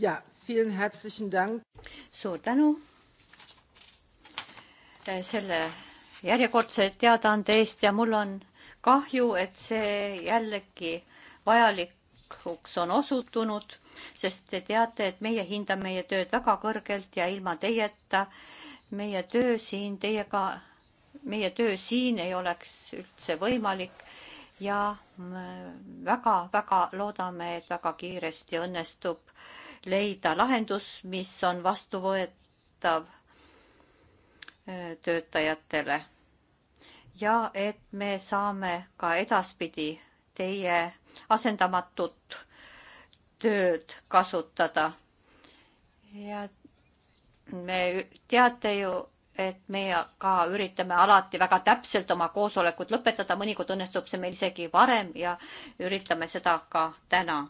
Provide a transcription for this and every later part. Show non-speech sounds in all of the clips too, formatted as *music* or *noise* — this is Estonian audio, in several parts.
ja, vielen herzlichen Dank. suur tänu eh, selle järjekordse teadaande eest ja mul on kahju, et see jällegi vajalikuks on osutunud, sest te teate, et meie hindame meie tööd väga kõrgelt ja ilma teieta meie töö siin teiega, meie töö siin ei oleks üldse võimalik ja väga-väga loodame, et väga kiiresti õnnestub äh, leida lahendus, mis on vastuvõetav äh, töötajatele. ja et me saame ka edaspidi teie asendamatut tööd kasutada. ja me teate ju, et meie ka üritame alati väga täpselt oma koosolekud lõpetada, mõnikord õnnestub see meil isegi varem ja üritame seda ka täna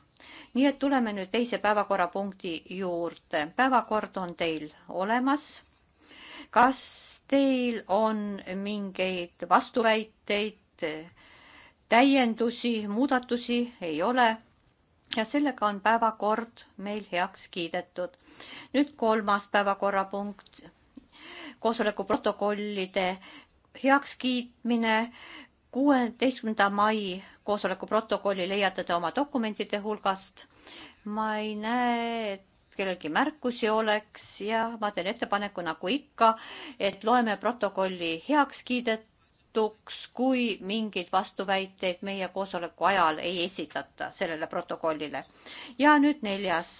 nii et tuleme nüüd teise päevakorrapunkti juurde. päevakord on teil olemas. kas teil on mingeid vastuväiteid, täiendusi, muudatusi? ei ole. ja sellega on päevakord meil heaks kiidetud. nüüd kolmas päevakorrapunkt, koosoleku protokollide heakskiitmine kuueteistkümnenda mai koosoleku protokolli leiate te oma dokumentide hulgast. ma ei näe, et kellelgi märkusi oleks ja ma teen ettepaneku, nagu ikka, et loeme protokolli heaks kiidetuks, kui mingeid vastuväiteid meie koosoleku ajal ei esitata sellele protokollile. ja nüüd neljas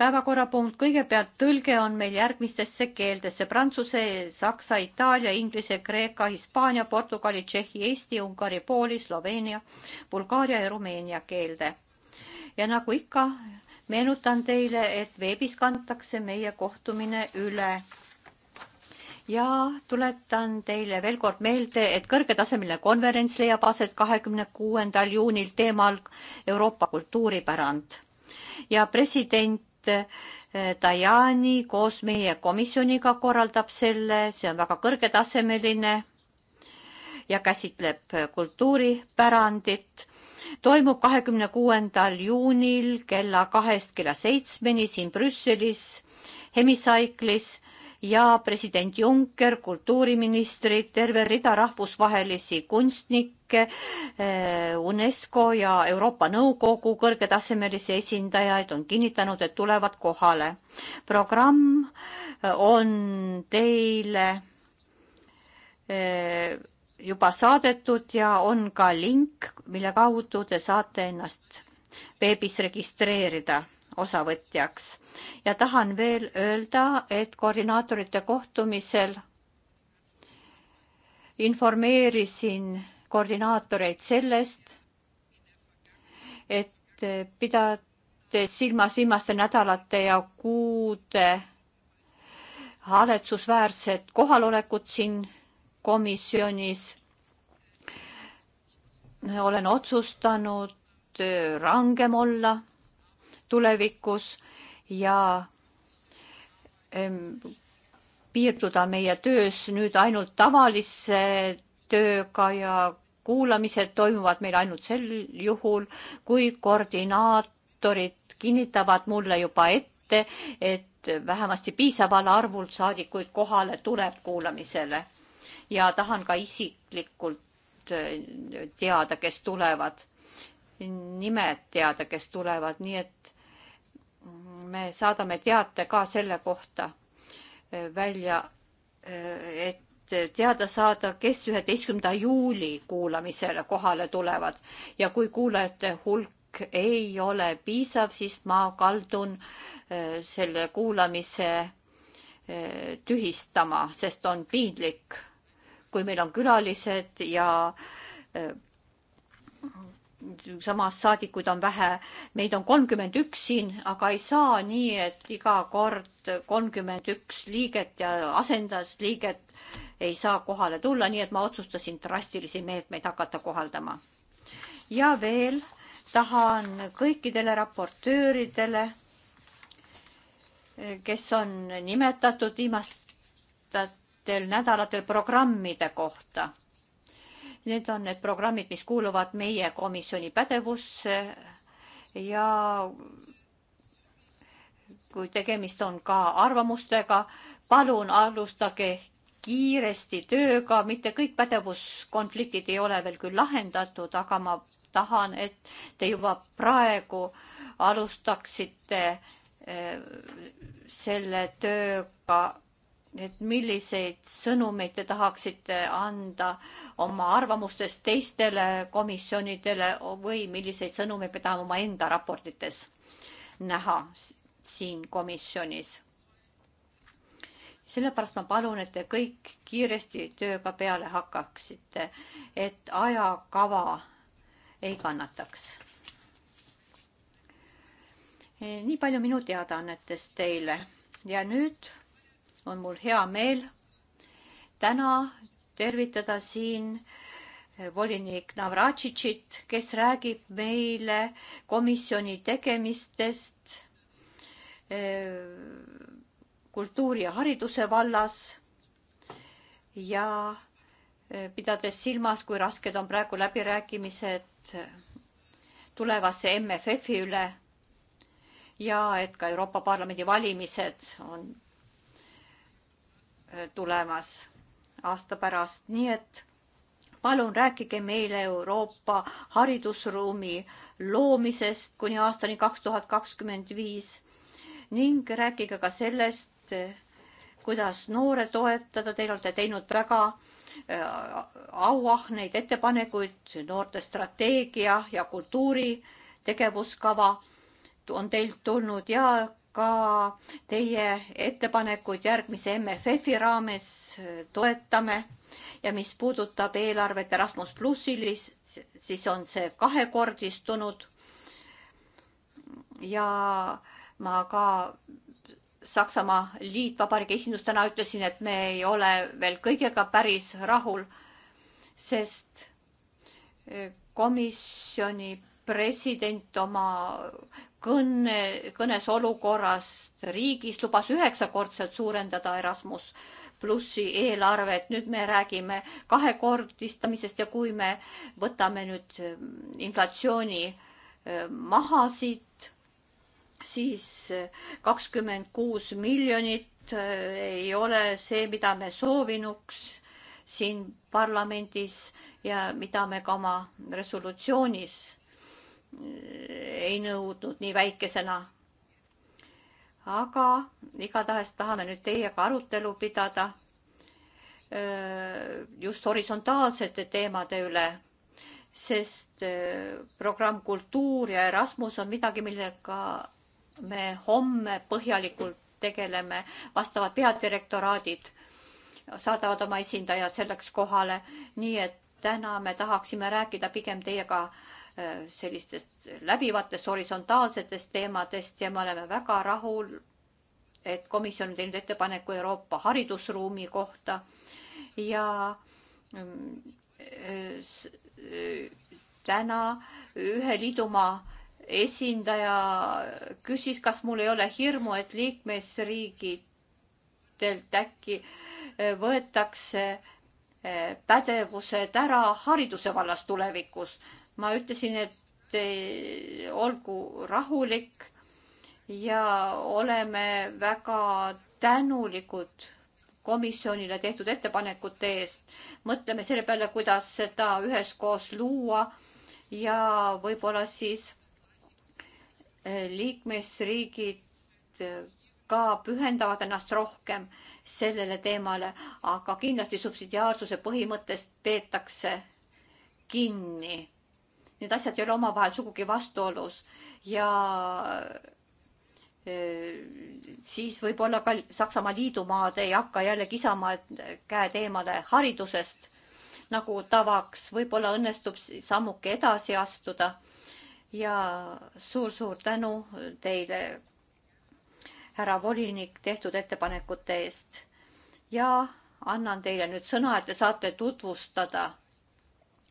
päevakorrapunkt, kõigepealt tõlge on meil järgmistesse keeltesse prantsuse, saksa, itaalia, inglise, kreeka, hispaania, portugali, tšehhi, eesti, ungari, pooli, sloveenia, bulgaaria ja rumeenia keelde. ja nagu ikka, meenutan teile, et veebis kantakse meie kohtumine üle. ja tuletan teile veel kord meelde, et kõrgetasemeline konverents leiab aset kahekümne kuuendal juunil teemal Euroopa kultuuripärand ja president Eh, Dajani koos meie komisjoniga korraldab selle, see on väga kõrgetasemeline ja käsitleb eh, kultuuripärandit. toimub kahekümne kuuendal juunil kella kahest kella seitsmeni siin Brüsselis Hemisaiklis ja president Juncker, kultuuriministrid, terve rida rahvusvahelisi kunstnikke, eh, UNESCO ja Euroopa Nõukogu kõrgetasemelisi esindajaid on kinnitanud, et tulevad kohale. programm eh, on teile eh, juba saadetud ja on ka link, mille kaudu te saate ennast veebis registreerida osavõtjaks. ja tahan veel öelda, et koordinaatorite kohtumisel informeerisin koordinaatoreid sellest, et pidades silmas viimaste nädalate ja kuude haaletsusväärset kohalolekut siin komisjonis, olen otsustanud rangem olla tulevikus ja ehm, piirduda meie töös nüüd ainult tavalise tööga ja kuulamised toimuvad meil ainult sel juhul, kui koordinaatorid kinnitavad mulle juba ette, et vähemasti piisaval arvul saadikuid kohale tuleb kuulamisele. ja tahan ka isiklikult eh, teada, kes tulevad, nimed teada, kes tulevad, nii et me saadame teate ka selle kohta eh, välja, eh, et teada saada, kes üheteistkümnenda juuli kuulamisele kohale tulevad ja kui kuulajate hulk ei ole piisav, siis ma kaldun eh, selle kuulamise tühistama, sest on piinlik, kui meil on külalised ja samas saadikuid on vähe, meid on kolmkümmend üks siin, aga ei saa nii, et iga kord kolmkümmend üks liiget ja asendusliiget ei saa kohale tulla, nii et ma otsustasin drastilisi meetmeid hakata kohaldama. ja veel tahan kõikidele raportööridele, kes on nimetatud viimastel nädalatel programmide kohta Need on need programmid, mis kuuluvad meie komisjoni pädevusse ja kui tegemist on ka arvamustega, palun alustage kiiresti tööga, mitte kõik pädevuskonfliktid ei ole veel küll lahendatud, aga ma tahan, et te juba praegu alustaksite eh, selle tööga et milliseid sõnumeid te tahaksite anda oma arvamustest teistele komisjonidele või milliseid sõnumeid me tahame omaenda raportites näha siin komisjonis. sellepärast ma palun, et te kõik kiiresti tööga peale hakkaksite, et ajakava ei kannataks. nii palju minu teadaannetest teile ja nüüd on mul hea meel täna tervitada siin eh, volinik Navratšitšit, kes räägib meile komisjoni tegemistest eh, kultuuri ja hariduse vallas ja eh, pidades silmas, kui rasked on praegu läbirääkimised tulevase MFF-i üle ja et ka Euroopa Parlamendi valimised on Äh, tulemas aasta pärast, nii et palun rääkige meile Euroopa haridusruumi loomisest kuni aastani kaks tuhat kakskümmend viis ning rääkige ka sellest, kuidas noore toetada, teil olete teinud väga äh, auahneid ettepanekuid, noorte strateegia ja kultuuri tegevuskava on teilt tulnud ja ka teie ettepanekuid järgmise MFF-i raames äh, toetame ja mis puudutab eelarvet Erasmus plussilis, siis on see kahekordistunud. ja ma ka Saksamaa Liitvabariigi esindustena ütlesin, et me ei ole veel kõigega päris rahul, sest äh, komisjoni president oma kõne, kõnes olukorrast riigis lubas üheksakordselt suurendada Erasmus plussi eelarvet, nüüd me räägime kahekordistamisest ja kui me võtame nüüd mm, inflatsiooni e, maha siit, siis e, kakskümmend kuus miljonit e, ei ole see, mida me soovinuks siin parlamendis ja mida me ka oma resolutsioonis ei nõudnud nii väikesena. aga igatahes tahame nüüd teiega arutelu pidada just horisontaalsete teemade üle, sest programm Kultuur ja Erasmus on midagi, millega me homme põhjalikult tegeleme, vastavad peadirektoraadid saadavad oma esindajad selleks kohale, nii et täna me tahaksime rääkida pigem teiega äh, sellistest läbivatest horisontaalsetest teemadest ja me oleme väga rahul, et komisjon on teinud ettepaneku Euroopa haridusruumi kohta ja äh, täna ühe liidumaa esindaja küsis, kas mul ei ole hirmu, et liikmesriigidelt äkki äh, võetakse äh, pädevused ära hariduse vallas tulevikus ma ütlesin, et eh, olgu rahulik ja oleme väga tänulikud komisjonile tehtud ettepanekute eest. mõtleme selle peale, kuidas seda üheskoos luua ja võib-olla siis eh, liikmesriigid eh, ka pühendavad ennast rohkem sellele teemale, aga kindlasti subsidiaarsuse põhimõttest peetakse kinni need asjad ei ole omavahel sugugi vastuolus ja e, siis võib-olla ka Saksamaa liidumaad ei hakka jällegi Isamaa käed eemale haridusest nagu tavaks, võib-olla õnnestub sammuke edasi astuda. ja suur-suur tänu teile, härra volinik, tehtud ettepanekute eest. ja annan teile nüüd sõna, et te saate tutvustada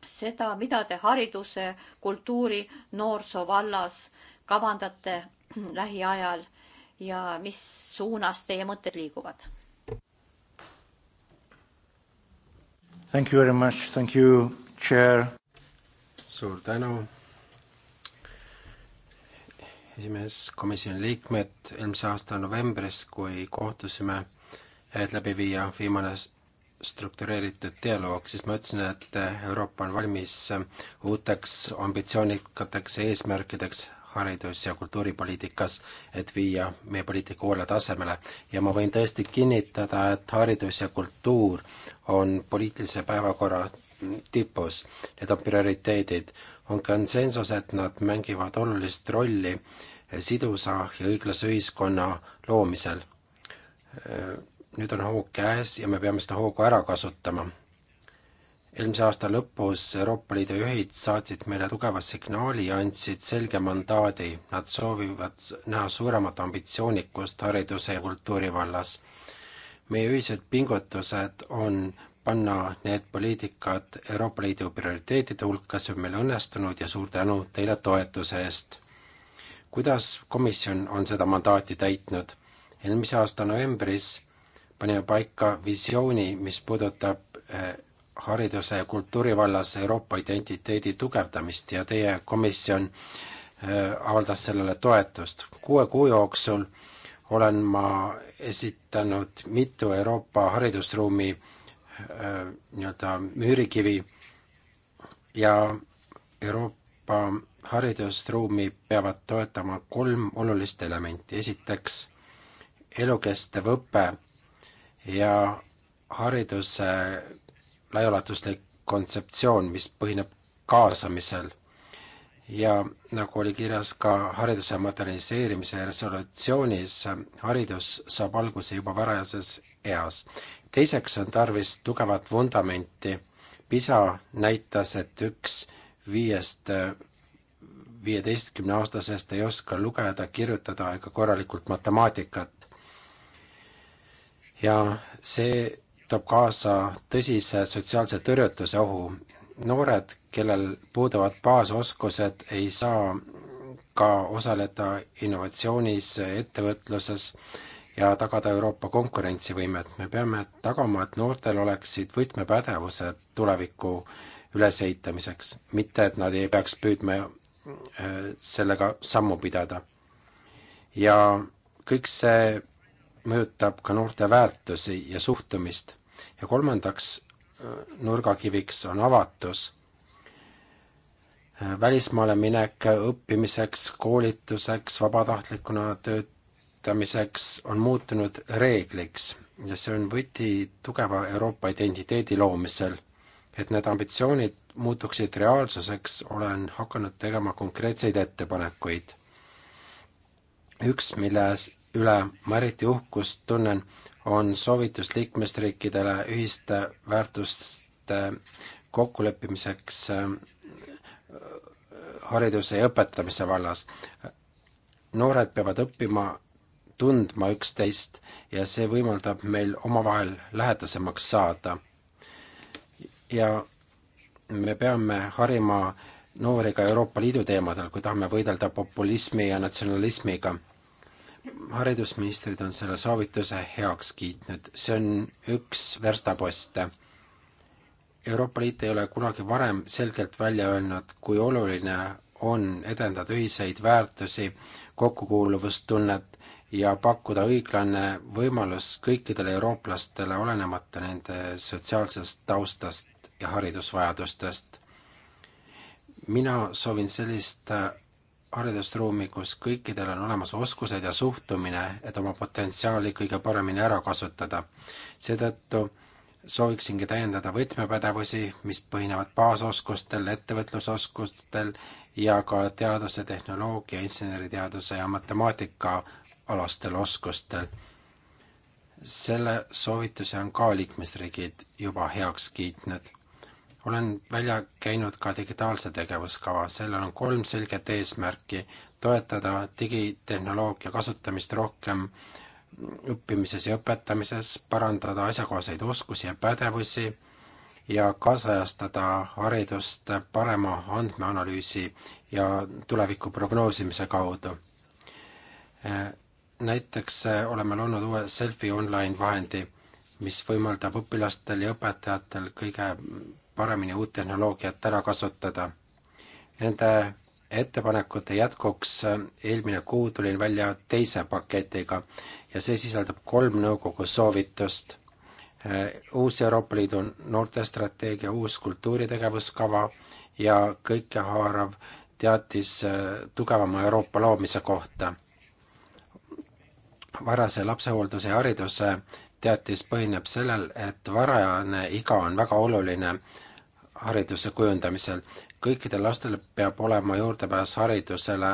seda, mida te hariduse, kultuuri, noorsoo vallas kavandate *clears throat* lähiajal ja mis suunas teie mõtted liiguvad? Thank you very much, thank you, chair. suur tänu. esimees, komisjoni liikmed, eelmise aasta novembris, kui kohtusime, et läbi viia viimane struktureeritud dialoog, siis ma ütlesin, et Euroopa on valmis uuteks ambitsioonikateks eesmärkideks haridus- ja kultuuripoliitikas, et viia meie poliitika uuele tasemele. ja ma võin tõesti kinnitada, et haridus ja kultuur on poliitilise päevakorra tipus, need on prioriteedid. on konsensus, et nad mängivad olulist rolli sidusa ja õiglase ühiskonna loomisel nüüd on hoog käes ja me peame seda hoogu ära kasutama. eelmise aasta lõpus Euroopa Liidu juhid saatsid meile tugeva signaali ja andsid selge mandaadi, nad soovivad näha suuremat ambitsioonikust hariduse ja kultuuri vallas. meie ühised pingutused on panna need poliitikad Euroopa Liidu prioriteetide hulka, see on meil õnnestunud ja suur tänu teile toetuse eest. kuidas komisjon on seda mandaati täitnud? eelmise aasta novembris panime paika visiooni, mis puudutab eh, hariduse ja kultuuri vallas Euroopa identiteedi tugevdamist ja teie komisjon eh, avaldas sellele toetust. kuue kuu jooksul olen ma esitanud mitu Euroopa haridusruumi eh, nii-öelda müürikivi ja Euroopa haridusruumi peavad toetama kolm olulist elementi. esiteks, elukestev õpe ja hariduse laiaulatuslik kontseptsioon, mis põhineb kaasamisel ja nagu oli kirjas ka hariduse moderniseerimise resolutsioonis, haridus saab alguse juba varajases eas. teiseks on tarvis tugevat vundamenti. PISA näitas, et üks viiest viieteistkümneaastasest ei oska lugeda, kirjutada ega korralikult matemaatikat ja see toob kaasa tõsise sotsiaalse tõrjutuse ohu. noored, kellel puuduvad baasoskused, ei saa ka osaleda innovatsioonis, ettevõtluses ja tagada Euroopa konkurentsivõimet. me peame tagama, et noortel oleksid võtmepädevused tuleviku ülesehitamiseks, mitte et nad ei peaks püüdma äh, sellega sammu pidada. ja kõik see mõjutab ka noorte väärtusi ja suhtumist. ja kolmandaks äh, nurgakiviks on avatus. Äh, välismaale minek õppimiseks, koolituseks, vabatahtlikuna töötamiseks on muutunud reegliks ja see on võti tugeva Euroopa identiteedi loomisel. et need ambitsioonid muutuksid reaalsuseks, olen hakanud tegema konkreetseid ettepanekuid. üks, milles üle ma eriti uhkust tunnen, on soovitus liikmesriikidele ühiste väärtuste kokkuleppimiseks äh, hariduse ja õpetamise vallas. noored peavad õppima tundma üksteist ja see võimaldab meil omavahel lähedasemaks saada. ja me peame harima noori ka Euroopa Liidu teemadel, kui tahame võidelda populismi ja natsionalismiga haridusministrid on selle soovituse heaks kiitnud, see on üks verstaposte. Euroopa Liit ei ole kunagi varem selgelt välja öelnud, kui oluline on edendada ühiseid väärtusi, kokkukuuluvustunnet ja pakkuda õiglane võimalus kõikidele eurooplastele, olenemata nende sotsiaalsest taustast ja haridusvajadustest. mina soovin sellist haridusruumi, kus kõikidel on olemas oskused ja suhtumine, et oma potentsiaali kõige paremini ära kasutada. seetõttu sooviksingi täiendada võtmepädevusi, mis põhinevad baasoskustel, ettevõtlusoskustel ja ka teaduse, tehnoloogia, inseneriteaduse ja matemaatika alastel oskustel. selle soovituse on ka liikmesriigid juba heaks kiitnud olen välja käinud ka digitaalse tegevuskava, sellel on kolm selget eesmärki, toetada digitehnoloogia kasutamist rohkem õppimises ja õpetamises, parandada asjakohaseid oskusi ja pädevusi ja kaasajastada haridust parema andmeanalüüsi ja tuleviku prognoosimise kaudu. näiteks oleme loonud uue Selfie Online vahendi, mis võimaldab õpilastel ja õpetajatel kõige paremini uut tehnoloogiat ära kasutada. Nende ettepanekute jätkuks eelmine kuu tulin välja teise paketiga ja see sisaldab kolm nõukogu soovitust. uus Euroopa Liidu noortestrateegia, uus kultuuritegevuskava ja kõikehaarav teatis tugevama Euroopa loomise kohta. varase lapsehoolduse ja hariduse teatis põhineb sellel, et varajane iga on väga oluline hariduse kujundamisel. kõikidel lastel peab olema juurdepääs haridusele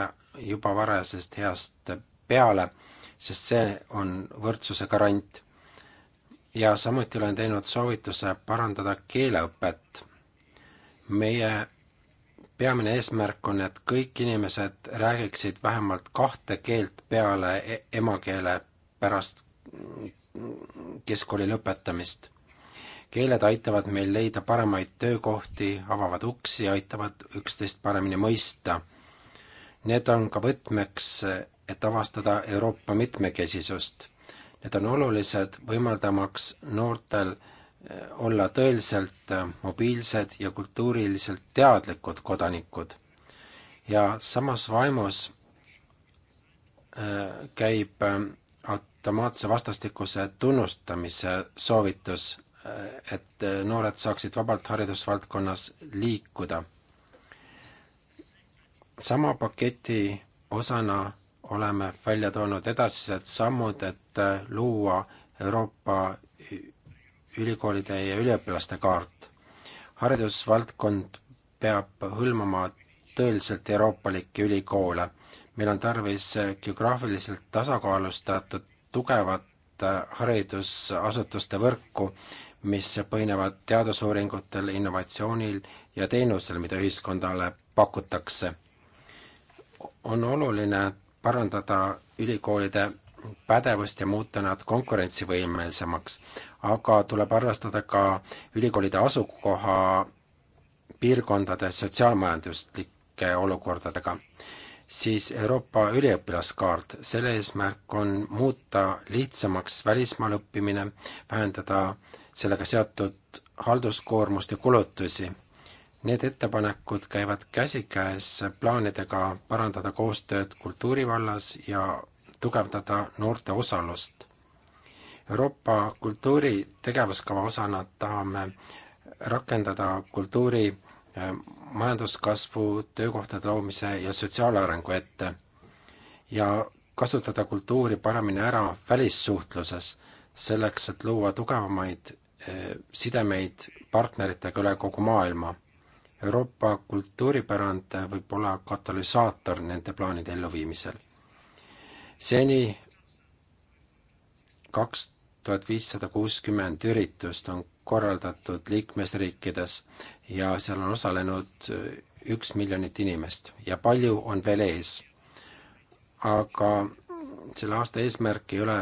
juba varasest heast peale, sest see on võrdsuse garant. ja samuti olen teinud soovituse parandada keeleõpet. meie peamine eesmärk on, et kõik inimesed räägiksid vähemalt kahte keelt peale e-, emakeele pärast keskkooli lõpetamist keeled aitavad meil leida paremaid töökohti, avavad uksi ja aitavad üksteist paremini mõista. Need on ka võtmeks, et avastada Euroopa mitmekesisust. Need on olulised, võimaldamaks noortel eh, olla tõeliselt eh, mobiilsed ja kultuuriliselt teadlikud kodanikud. ja samas vaimus eh, käib automaatse vastastikuse tunnustamise soovitus Äh, et äh, noored saaksid vabalt haridusvaldkonnas liikuda. sama paketi osana oleme välja toonud edasised sammud, et äh, luua Euroopa ülikoolide ja üliõpilaste kaart. haridusvaldkond peab hõlmama tõeliselt euroopalikke ülikoole. meil on tarvis geograafiliselt tasakaalustatud tugevat haridusasutuste võrku, mis põhinevad teadusuuringutel, innovatsioonil ja teenusel, mida ühiskondale pakutakse. on oluline parandada ülikoolide pädevust ja muuta nad konkurentsivõimelisemaks, aga tuleb arvestada ka ülikoolide asukoha piirkondade sotsiaalmajanduslike olukordadega. siis Euroopa üliõpilaskaart, selle eesmärk on muuta lihtsamaks välismaal õppimine, vähendada äh, sellega seotud halduskoormust ja kulutusi. Need ettepanekud käivad käsikäes plaanidega parandada koostööd kultuurivallas ja tugevdada noorte osalust. Euroopa kultuuri tegevuskava osana tahame rakendada kultuuri eh, majanduskasvu, töökohtade loomise ja sotsiaalarengu ette ja kasutada kultuuri paremini ära välissuhtluses, selleks et luua tugevamaid sidemeid partneritega üle kogu maailma. Euroopa kultuuripärand võib olla katalüsaator nende plaanide elluviimisel. seni kaks tuhat viissada kuuskümmend üritust on korraldatud liikmesriikides ja seal on osalenud üks miljonit inimest ja palju on veel ees. aga selle aasta eesmärk ei ole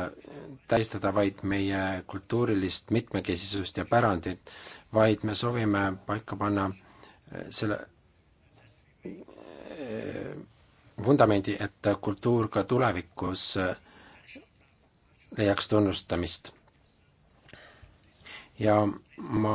tähistada vaid meie kultuurilist mitmekesisust ja pärandit, vaid me soovime paika panna eh, selle eh, vundamendi, et kultuur ka tulevikus eh, leiaks tunnustamist. ja ma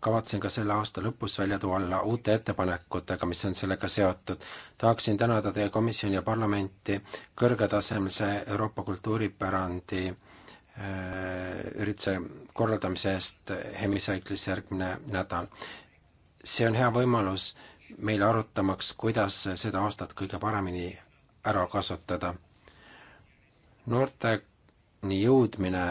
kavatsen ka selle aasta lõpus välja tuua alla uute ettepanekutega, mis on sellega seotud. tahaksin tänada teie komisjoni ja parlamenti kõrgetasemelise Euroopa kultuuripärandi äh, ürituse korraldamise eest Hemisaiklis järgmine nädal. see on hea võimalus meile arutamaks, kuidas seda aastat kõige paremini ära kasutada. noorteni jõudmine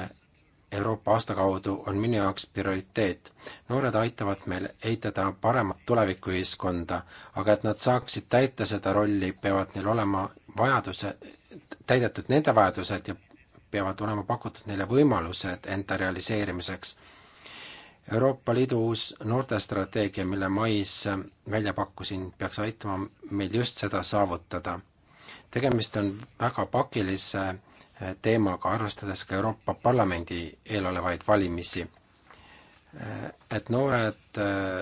Euroopa aasta kaudu on minu jaoks prioriteet. noored aitavad meil ehitada paremat tulevikuühiskonda, aga et nad saaksid täita seda rolli, peavad neil olema vajaduse, täidetud nende vajadused ja peavad olema pakutud neile võimalused enda realiseerimiseks. Euroopa Liidu uus noortestrateegia, mille mais välja pakkusin, peaks aitama meil just seda saavutada. tegemist on väga pakilise teemaga, arvestades ka Euroopa Parlamendi eelolevaid valimisi. et noored äh,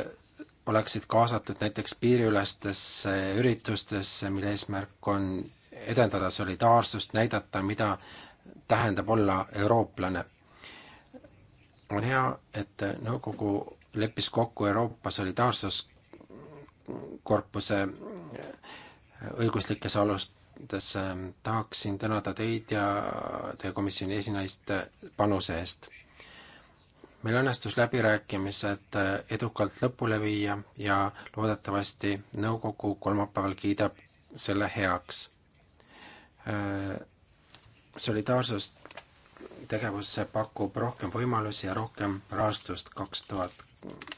oleksid kaasatud näiteks piiriülestesse üritustesse, mille eesmärk on edendada solidaarsust, näidata, mida tähendab olla eurooplane. on hea, et nõukogu leppis kokku Euroopa solidaarsuskorpuse õiguslikes alustes ähm, tahaksin tänada teid ja teie komisjoni esinaist panuse eest. meil õnnestus läbirääkimised äh, edukalt lõpule viia ja loodetavasti nõukogu kolmapäeval kiidab selle heaks. Äh, solidaarsus tegevusse pakub rohkem võimalusi ja rohkem rahastust kaks tuhat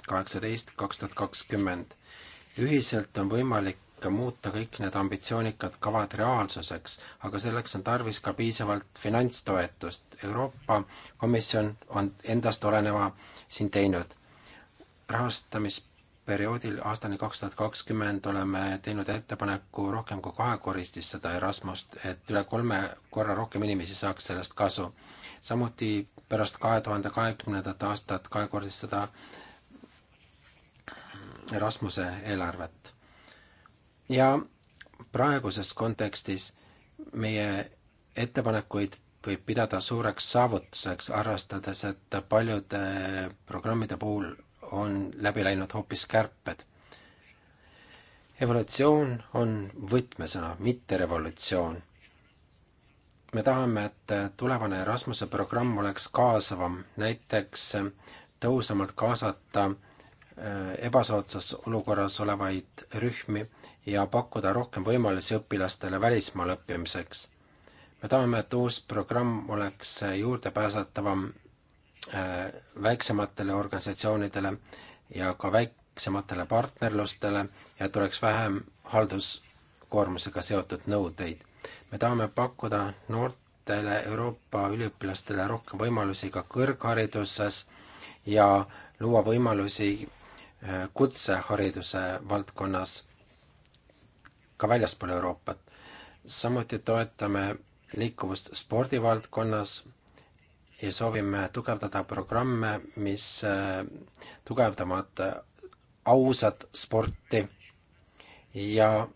kaheksateist, kaks tuhat kakskümmend. ühiselt on võimalik ka muuta kõik need ambitsioonikad kavad reaalsuseks, aga selleks on tarvis ka piisavalt finantstoetust. Euroopa Komisjon on endast oleneva siin teinud. rahastamisperioodil aastani kaks tuhat kakskümmend oleme teinud ettepaneku rohkem kui kahekordistada Erasmust, et üle kolme korra rohkem inimesi saaks sellest kasu. samuti pärast kahe tuhande kahekümnendat aastat kahekordistada Erasmuse eelarvet ja praeguses kontekstis meie ettepanekuid võib pidada suureks saavutuseks, arvestades, et paljude programmide puhul on läbi läinud hoopis kärped. evolutsioon on võtmesõna, mitte revolutsioon. me tahame, et tulevane Erasmuse programm oleks kaasavam, näiteks tõhusamalt kaasata äh, ebasoodsas olukorras olevaid rühmi ja pakkuda rohkem võimalusi õpilastele välismaal õppimiseks. me tahame, et uus programm oleks juurdepääsetavam äh, väiksematele organisatsioonidele ja ka väiksematele partnerlustele ja et oleks vähem halduskoormusega seotud nõudeid. me tahame pakkuda noortele Euroopa üliõpilastele rohkem võimalusi ka kõrghariduses ja luua võimalusi äh, kutsehariduse valdkonnas ka väljaspool Euroopat. samuti toetame liikuvust spordivaldkonnas ja soovime tugevdada programme, mis äh, tugevdavad äh, ausat sporti ja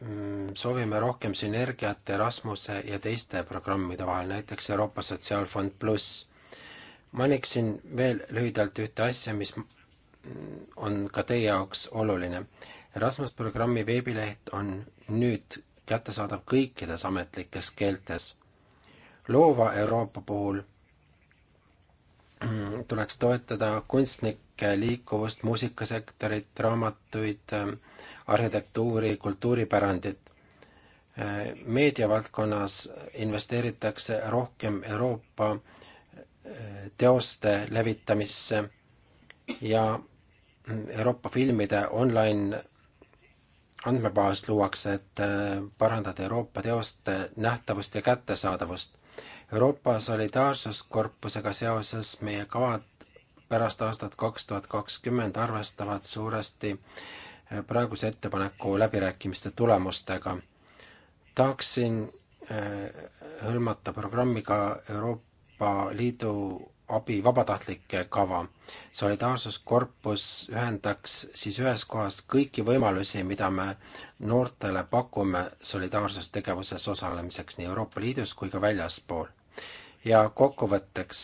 mm, soovime rohkem sünergiat Erasmuse ja teiste programmide vahel, näiteks Euroopa Sotsiaalfond pluss. mainiksin veel lühidalt ühte asja, mis mm, on ka teie jaoks oluline. Erasmus programmi veebileht on nüüd kättesaadav kõikides ametlikes keeltes. loova Euroopa puhul *clears throat* tuleks toetada kunstnike liikuvust, muusikasektorit, raamatuid, arhitektuuri, kultuuripärandit. meediavaldkonnas investeeritakse rohkem Euroopa eh, teoste levitamisse ja Euroopa filmide online andmebaas luuakse, et äh, parandada Euroopa teoste nähtavust ja kättesaadavust. Euroopa Solidaarsuskorpusega seoses meie kavad pärast aastat kaks tuhat kakskümmend arvestavad suuresti äh, praeguse ettepaneku läbirääkimiste tulemustega. tahaksin äh, hõlmata programmiga Euroopa Liidu abi vabatahtlike kava. solidaarsuskorpus ühendaks siis ühest kohast kõiki võimalusi, mida me noortele pakume solidaarsustegevuses osalemiseks nii Euroopa Liidus kui ka väljaspool. ja kokkuvõtteks,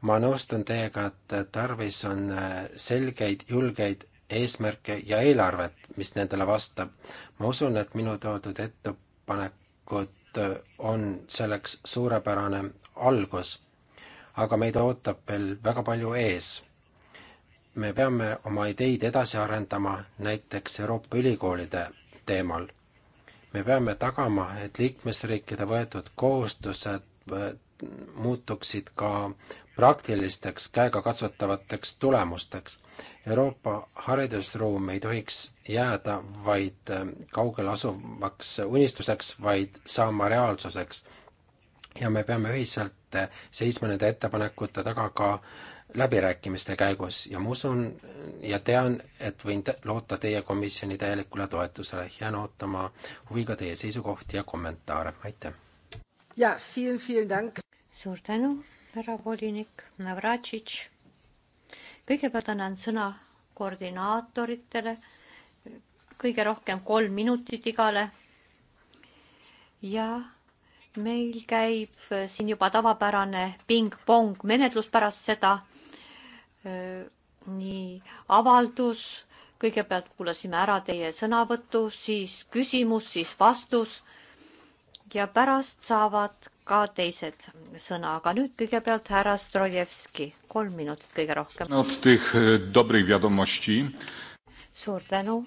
ma nõustun teiega, et tarvis on äh, selgeid, julgeid eesmärke ja eelarvet, mis nendele vastab. ma usun, et minu toodud ettepanekud äh, on selleks suurepärane algus aga meid ootab veel väga palju ees. me peame oma ideid edasi arendama näiteks Euroopa ülikoolide teemal. me peame tagama, et liikmesriikide võetud kohustused äh, muutuksid ka praktilisteks käegakatsutavateks tulemusteks. Euroopa haridusruum ei tohiks jääda vaid äh, kaugel asuvaks unistuseks, vaid saama reaalsuseks ja me peame ühiselt äh, seisma nende ettepanekute taga ka läbirääkimiste käigus ja ma usun ja tean, et võin te loota teie komisjoni täielikule toetusele, jään ootama huviga teie seisukohti ja kommentaare, aitäh! jaa, suur tänu, härra volinik Navratšitš. kõigepealt annan sõna koordinaatoritele, kõige rohkem kolm minutit igale ja meil käib äh, siin juba tavapärane ping-pong menetlus pärast seda. Äh, nii, avaldus, kõigepealt kuulasime ära teie sõnavõtu, siis küsimus, siis vastus ja pärast saavad ka teised sõna, aga nüüd kõigepealt härra Strojevski, kolm minutit kõige rohkem. E, suur tänu.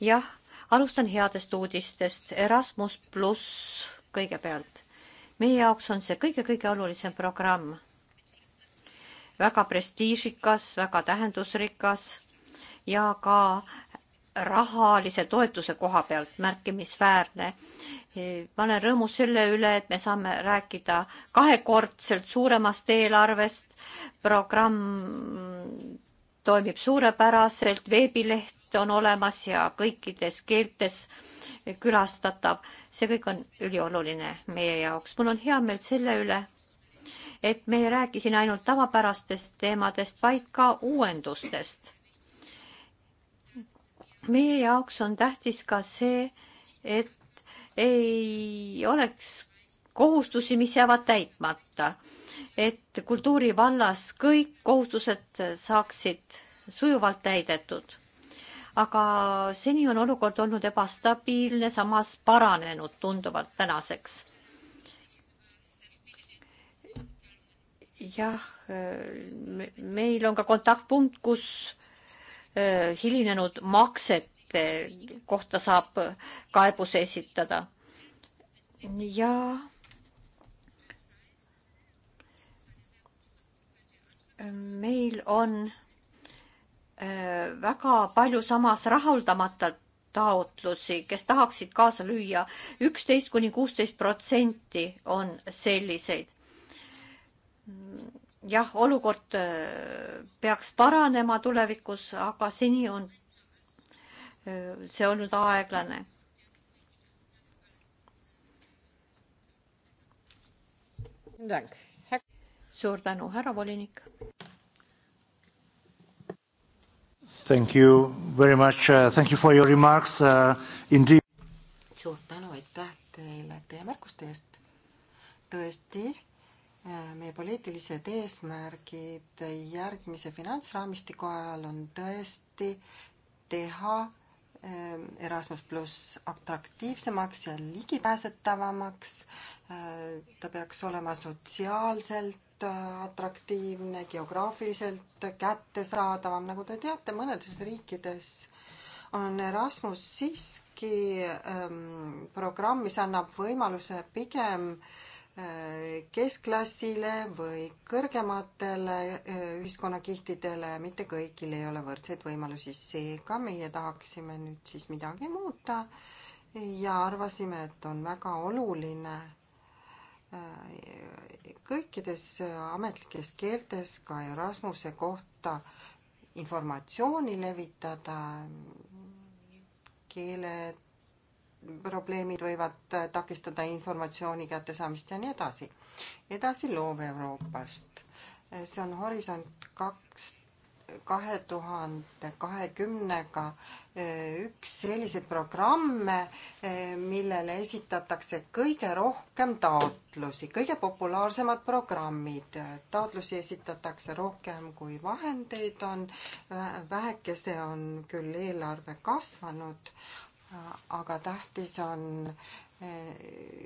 jah, alustan headest uudistest. Erasmus pluss kõigepealt. meie jaoks on see kõige-kõige olulisem programm. väga prestiižikas, väga tähendusrikas ja ka rahalise toetuse koha pealt märkimisväärne. ma olen rõõmus selle üle, et me saame rääkida kahekordselt suuremast eelarvest. programm toimib suurepäraselt, veebileht on olemas ja kõikides keeltes külastatav. see kõik on ülioluline meie jaoks. mul on hea meel selle üle, et me ei räägi siin ainult tavapärastest teemadest, vaid ka uuendustest. meie jaoks on tähtis ka see, et ei oleks kohustusi, mis jäävad täitmata. et kultuuri vallas kõik kohustused saaksid sujuvalt täidetud aga seni on olukord olnud ebastabiilne, samas paranenud tunduvalt tänaseks. jah, meil on ka kontaktpunkt, kus äh, hilinenud maksete kohta saab kaebuse esitada. ja meil on Äh, väga palju samas rahuldamata taotlusi, kes tahaksid kaasa lüüa. üksteist kuni kuusteist protsenti on selliseid. jah, olukord äh, peaks paranema tulevikus, aga seni on äh, see olnud aeglane. suur tänu, härra volinik. Thank you very much uh,, thank you for your remarks uh,, indeed. suur tänu, aitäh teile teie märkuste eest. tõesti, äh, meie poliitilised eesmärgid järgmise finantsraamistiku ajal on tõesti teha äh, Erasmus pluss atraktiivsemaks ja ligipääsetavamaks. Äh, ta peaks olema sotsiaalselt atraktiivne, geograafiliselt kättesaadavam, nagu te teate, mõnedes riikides on Erasmus siiski ähm, programm, mis annab võimaluse pigem äh, keskklassile või kõrgematele äh, ühiskonnakihtidele, mitte kõigil ei ole võrdseid võimalusi, seega meie tahaksime nüüd siis midagi muuta ja arvasime, et on väga oluline Äh, kõikides äh, ametlikes keeltes ka Erasmuse kohta informatsiooni levitada. keele probleemid võivad äh, takistada informatsiooni kättesaamist ja nii edasi. edasi loov Euroopast. see on Horisont kaks kahe tuhande kahekümnega eh, üks selliseid programme, eh, millele esitatakse kõige rohkem taotlusi, kõige populaarsemad programmid. taotlusi esitatakse rohkem, kui vahendeid on. vähekese on küll eelarve kasvanud, aga tähtis on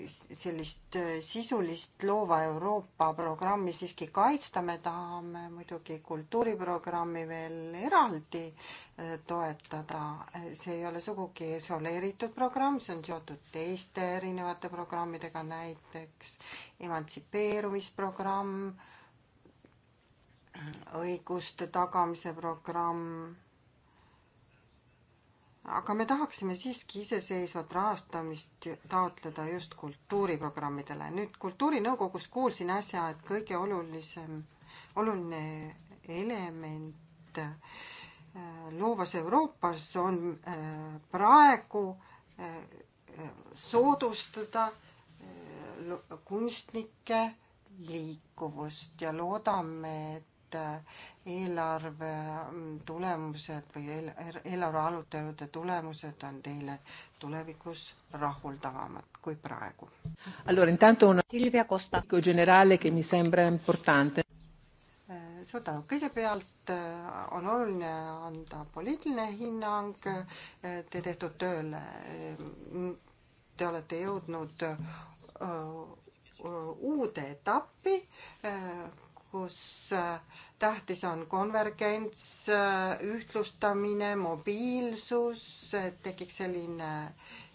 sellist äh, sisulist loova Euroopa programmi siiski kaitsta, me tahame muidugi kultuuriprogrammi veel eraldi äh, toetada. see ei ole sugugi isoleeritud programm, see on seotud teiste erinevate programmidega, näiteks emantsipeerumisprogramm, õiguste tagamise programm aga me tahaksime siiski iseseisvat rahastamist taotleda just kultuuriprogrammidele. nüüd Kultuurinõukogus kuulsin äsja, et kõige olulisem, oluline element äh, loovas Euroopas on äh, praegu äh, soodustada kunstnike liikuvust ja loodame, et Äh, eelarve mm, tulemused või er-, eelarve arutelude tulemused on teile tulevikus rahuldavamad kui praegu. Silvia Kosta. Äh, suur tänu, kõigepealt äh, on oluline anda poliitiline hinnang te tehtud tööle. Te olete jõudnud uude etappi, kus tähtis on konvergents, ühtlustamine, mobiilsus, tekiks selline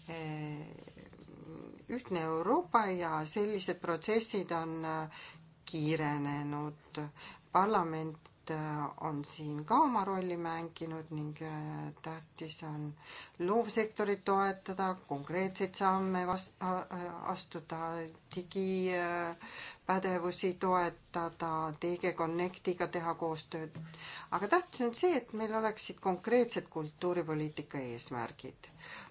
eh, ühtne Euroopa ja sellised protsessid on eh, kiirenenud. parlament eh, on siin ka oma rolli mänginud ning tähtis on loovsektorit toetada, konkreetseid samme vast-, astuda, digi pädevusi toetada, TG Connectiga teha koostööd. aga tähtis on see, et meil oleksid konkreetsed kultuuripoliitika eesmärgid.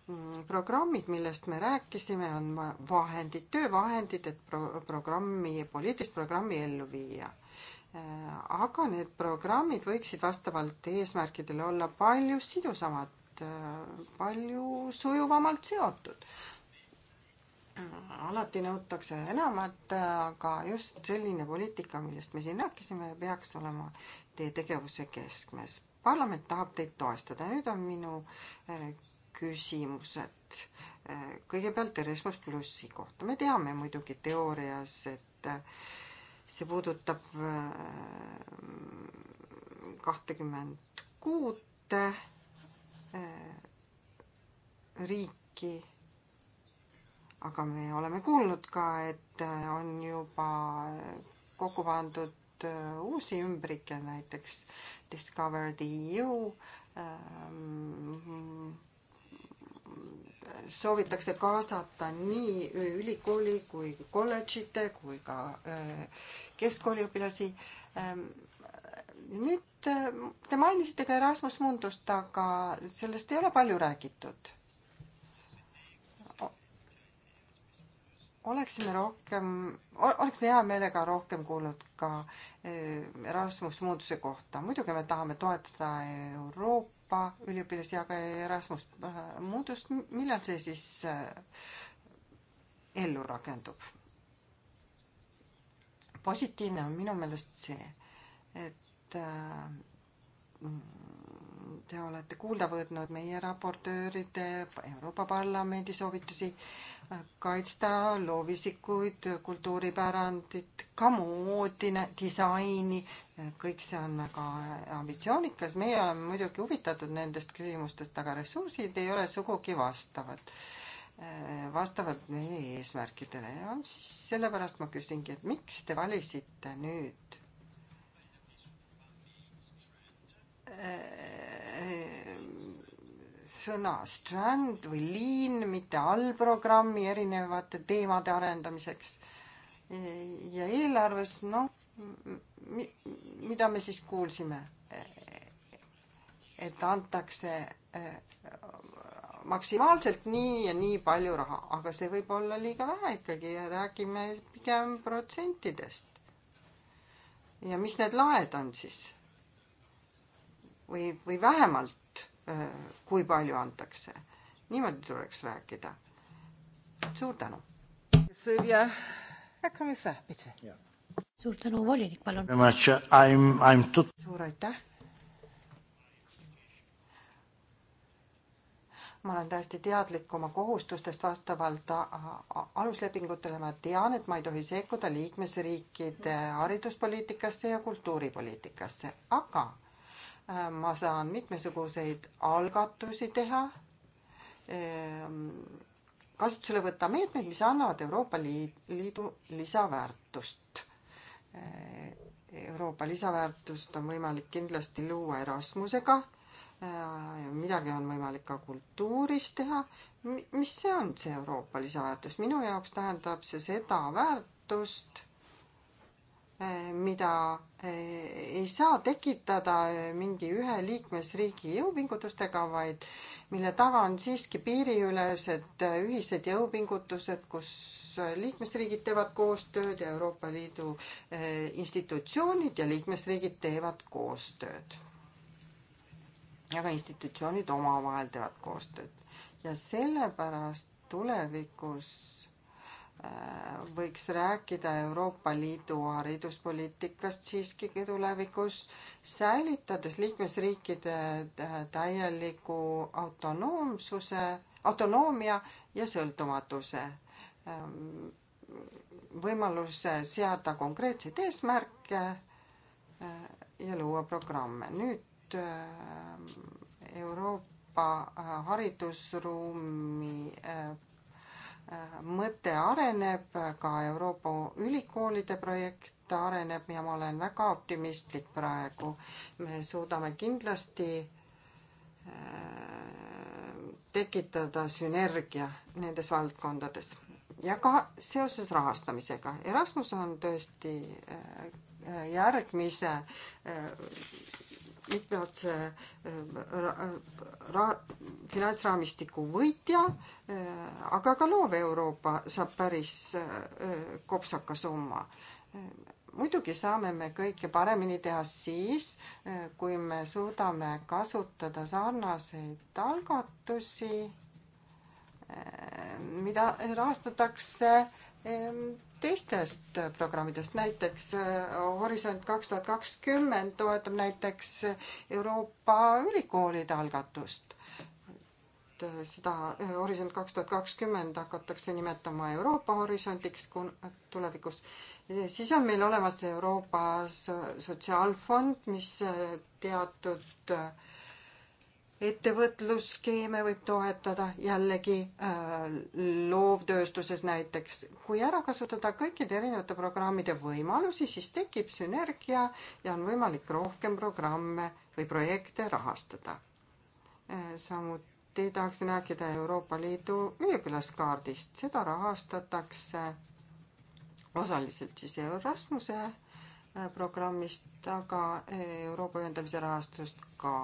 Mm, programmid, millest me rääkisime, on vahendid, töövahendid, et pro-, programmi, poliitilist programmi ellu viia äh, aga need programmid võiksid vastavalt eesmärkidele olla palju sidusamad, äh, palju sujuvamalt seotud. Äh, alati nõutakse enamat, äh, aga just selline poliitika, millest me siin rääkisime, peaks olema teie tegevuse keskmes. parlament tahab teid toestada, nüüd on minu äh, küsimused. kõigepealt Erasmus plussi kohta, me teame muidugi teoorias, et see puudutab kahtekümmend kuute riiki aga me oleme kuulnud ka, et äh, on juba kokku pandud äh, uusi ümbrikke, näiteks Discovered EU ähm, soovitakse kaasata nii ülikooli kui kolledžite kui ka äh, keskkooliõpilasi. Ähm, nüüd te mainisite ka Erasmus Mundust, aga sellest ei ole palju räägitud. oleksime rohkem, oleksime hea meelega rohkem kuulnud ka e, Erasmus muutuse kohta. muidugi me tahame toetada Euroopa üliõpilasi, aga Erasmus äh, muutust, millal see siis äh, ellu rakendub? positiivne on minu meelest see, et äh, te olete kuulda võtnud meie raportööride, Euroopa Parlamendi soovitusi äh, kaitsta loovisikuid, kultuuripärandit, kamuoodi disaini, kõik see on väga ambitsioonikas, meie oleme muidugi huvitatud nendest küsimustest, aga ressursid ei ole sugugi vastavad, äh, vastavad meie eesmärkidele ja siis sellepärast ma küsingi, et miks te valisite nüüd äh, Ehm, sõna strand või liin, mitte allprogrammi erinevate teemade arendamiseks. ja eelarves, noh, mida me siis kuulsime? et antakse eh, maksimaalselt nii ja nii palju raha, aga see võib olla liiga vähe ikkagi ja räägime pigem protsentidest. ja mis need laed on siis? või, või vähemalt kui palju antakse. niimoodi tuleks rääkida. suur tänu. Silvia, hakkame sa, Pitse. suur tänu, volinik, palun. suur aitäh. ma olen täiesti teadlik oma kohustustest vastavalt aluslepingutele, ma tean, et ma ei tohi sekkuda liikmesriikide hariduspoliitikasse ja kultuuripoliitikasse, aga Äh, ma saan mitmesuguseid algatusi teha, äh, kasutusele võtta meetmeid, mis annavad Euroopa Liidu lisaväärtust. Äh, Euroopa lisaväärtust on võimalik kindlasti luua Erasmusega, midagi on võimalik ka kultuuris teha. mis see on, see Euroopa lisaväärtus? minu jaoks tähendab see seda väärtust mida eh, ei saa tekitada mingi ühe liikmesriigi jõupingutustega, vaid mille taga on siiski piiriülesed eh, ühised jõupingutused, kus liikmesriigid teevad koostööd ja Euroopa Liidu eh, institutsioonid ja liikmesriigid teevad koostööd. ja ka institutsioonid omavahel teevad koostööd ja sellepärast tulevikus Äh, võiks rääkida Euroopa Liidu hariduspoliitikast siiski tulevikus, säilitades liikmesriikide täieliku autonoomsuse, autonoomia ja sõltumatuse. Ähm, võimalus seada konkreetseid eesmärke äh, ja luua programme. nüüd ähm, Euroopa äh, haridusruumi mõte areneb, ka Euroopa ülikoolide projekt areneb ja ma olen väga optimistlik praegu. me suudame kindlasti äh, tekitada sünergia nendes valdkondades ja ka seoses rahastamisega. Erasmus on tõesti äh, järgmise äh, mitmeotse ähm, ra-, finantsraamistiku võitja, äh, aga ka loov Euroopa saab päris äh, kopsaka summa. Äh, muidugi saame me kõike paremini teha siis, kui me suudame kasutada sarnaseid algatusi, mida rahastatakse ähm, teistest programmidest, näiteks äh, Horisont kaks tuhat kakskümmend toetab näiteks Euroopa ülikoolide algatust. Äh, seda äh, Horisont kaks tuhat kakskümmend hakatakse nimetama Euroopa horisondiks tulevikus. siis on meil olemas Euroopa Sotsiaalfond, mis teatud äh, ettevõtlusskeeme võib toetada jällegi äh, loovtööstuses näiteks. kui ära kasutada kõikide erinevate programmide võimalusi, siis tekib sünergia ja on võimalik rohkem programme või projekte rahastada äh,. samuti tahaksin rääkida Euroopa Liidu üliõpilaskaardist, seda rahastatakse osaliselt siis Erasmuse äh, programmist, aga äh, Euroopa ühendamise rahastust ka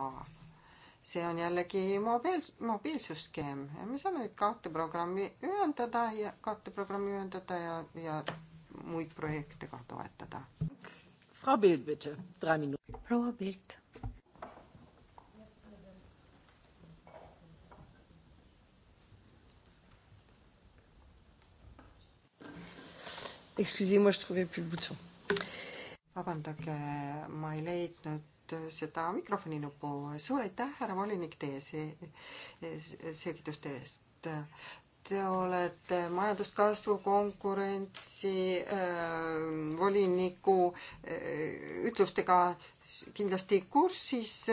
see on jällegi mobiil, mobiilsusskeem ja me saame neid kahte programmi ühendada ja kahte programmi ühendada ja, ja muid projekte ka toetada. Frau Bild, bitte, drei minutit. proua Bild. Excusez-moi, je trouvais plus le bouton. vabandage, ma ei leidnud Äh, seda mikrofoni nupu. suur aitäh, härra volinik, teie selgituste eest. Te olete majanduskasvu, konkurentsi äh, voliniku äh, ütlustega kindlasti kursis.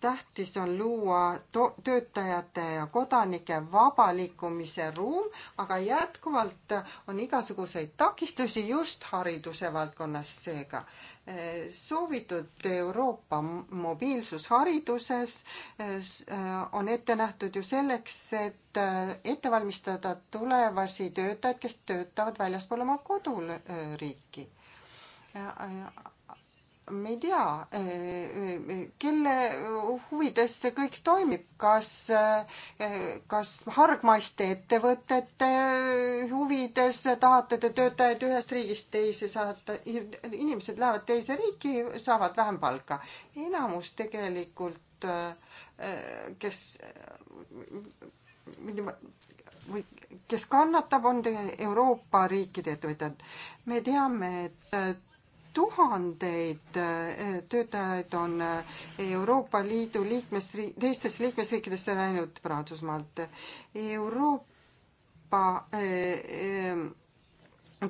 tähtis on luua to-, töötajate ja kodanike vaba liikumise ruum, aga jätkuvalt on igasuguseid takistusi just hariduse valdkonnas, seega soovitud Euroopa mobiilsus hariduses eh, on ette nähtud ju selleks, et eh, ette valmistada tulevasi töötajaid, kes töötavad väljaspool oma koduriiki me ei tea, eh, eh, kelle huvides see kõik toimib, kas, eh, kas hargmaiste ettevõtete huvides tahate te töötajaid ühest riigist teise saata, inimesed lähevad teise riiki, saavad vähem palka. enamus tegelikult, kes või kes kannatab, on Euroopa riikide ettevõtjad. me teame, et tuhandeid äh, töötajaid on äh, Euroopa Liidu liikmesriik, teistesse liikmesriikidesse läinud Prantsusmaalt. Euroopa äh,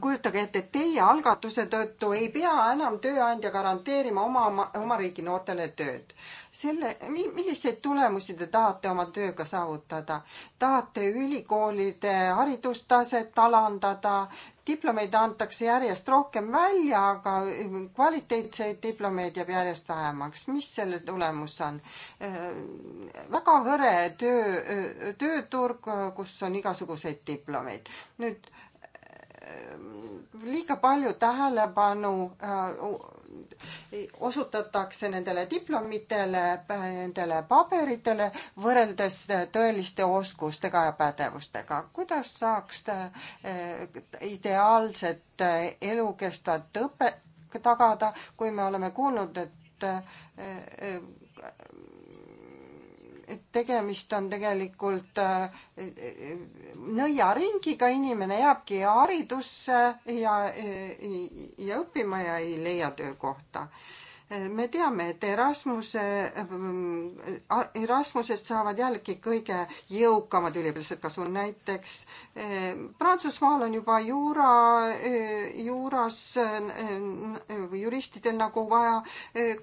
kujutage ette, et teie algatuse tõttu ei pea enam tööandja garanteerima oma, oma riigi noortele tööd. selle, milliseid tulemusi te tahate oma tööga saavutada? tahate ülikoolide haridustaset alandada, diplomeid antakse järjest rohkem välja, aga kvaliteetseid diplomeid jääb järjest vähemaks. mis selle tulemus on? Äh, väga hõre töö, tööturg, kus on igasuguseid diplomeid. nüüd Ehm, liiga palju tähelepanu äh, osutatakse nendele diplomitele, nendele paberitele, võrreldes äh, tõeliste oskustega ja pädevustega. kuidas saaks äh, ideaalset elukestvat õpet tagada, kui me oleme kuulnud, et tegemist on tegelikult äh, nõiaringiga, inimene jääbki haridusse ja, ja õppima ja ei leia töökohta me teame, et Erasmuse, äh, äh, Erasmusest saavad jällegi kõige jõukamad üliõpilased, kas on näiteks äh, Prantsusmaal on juba juura, juuras või juristidel nagu vaja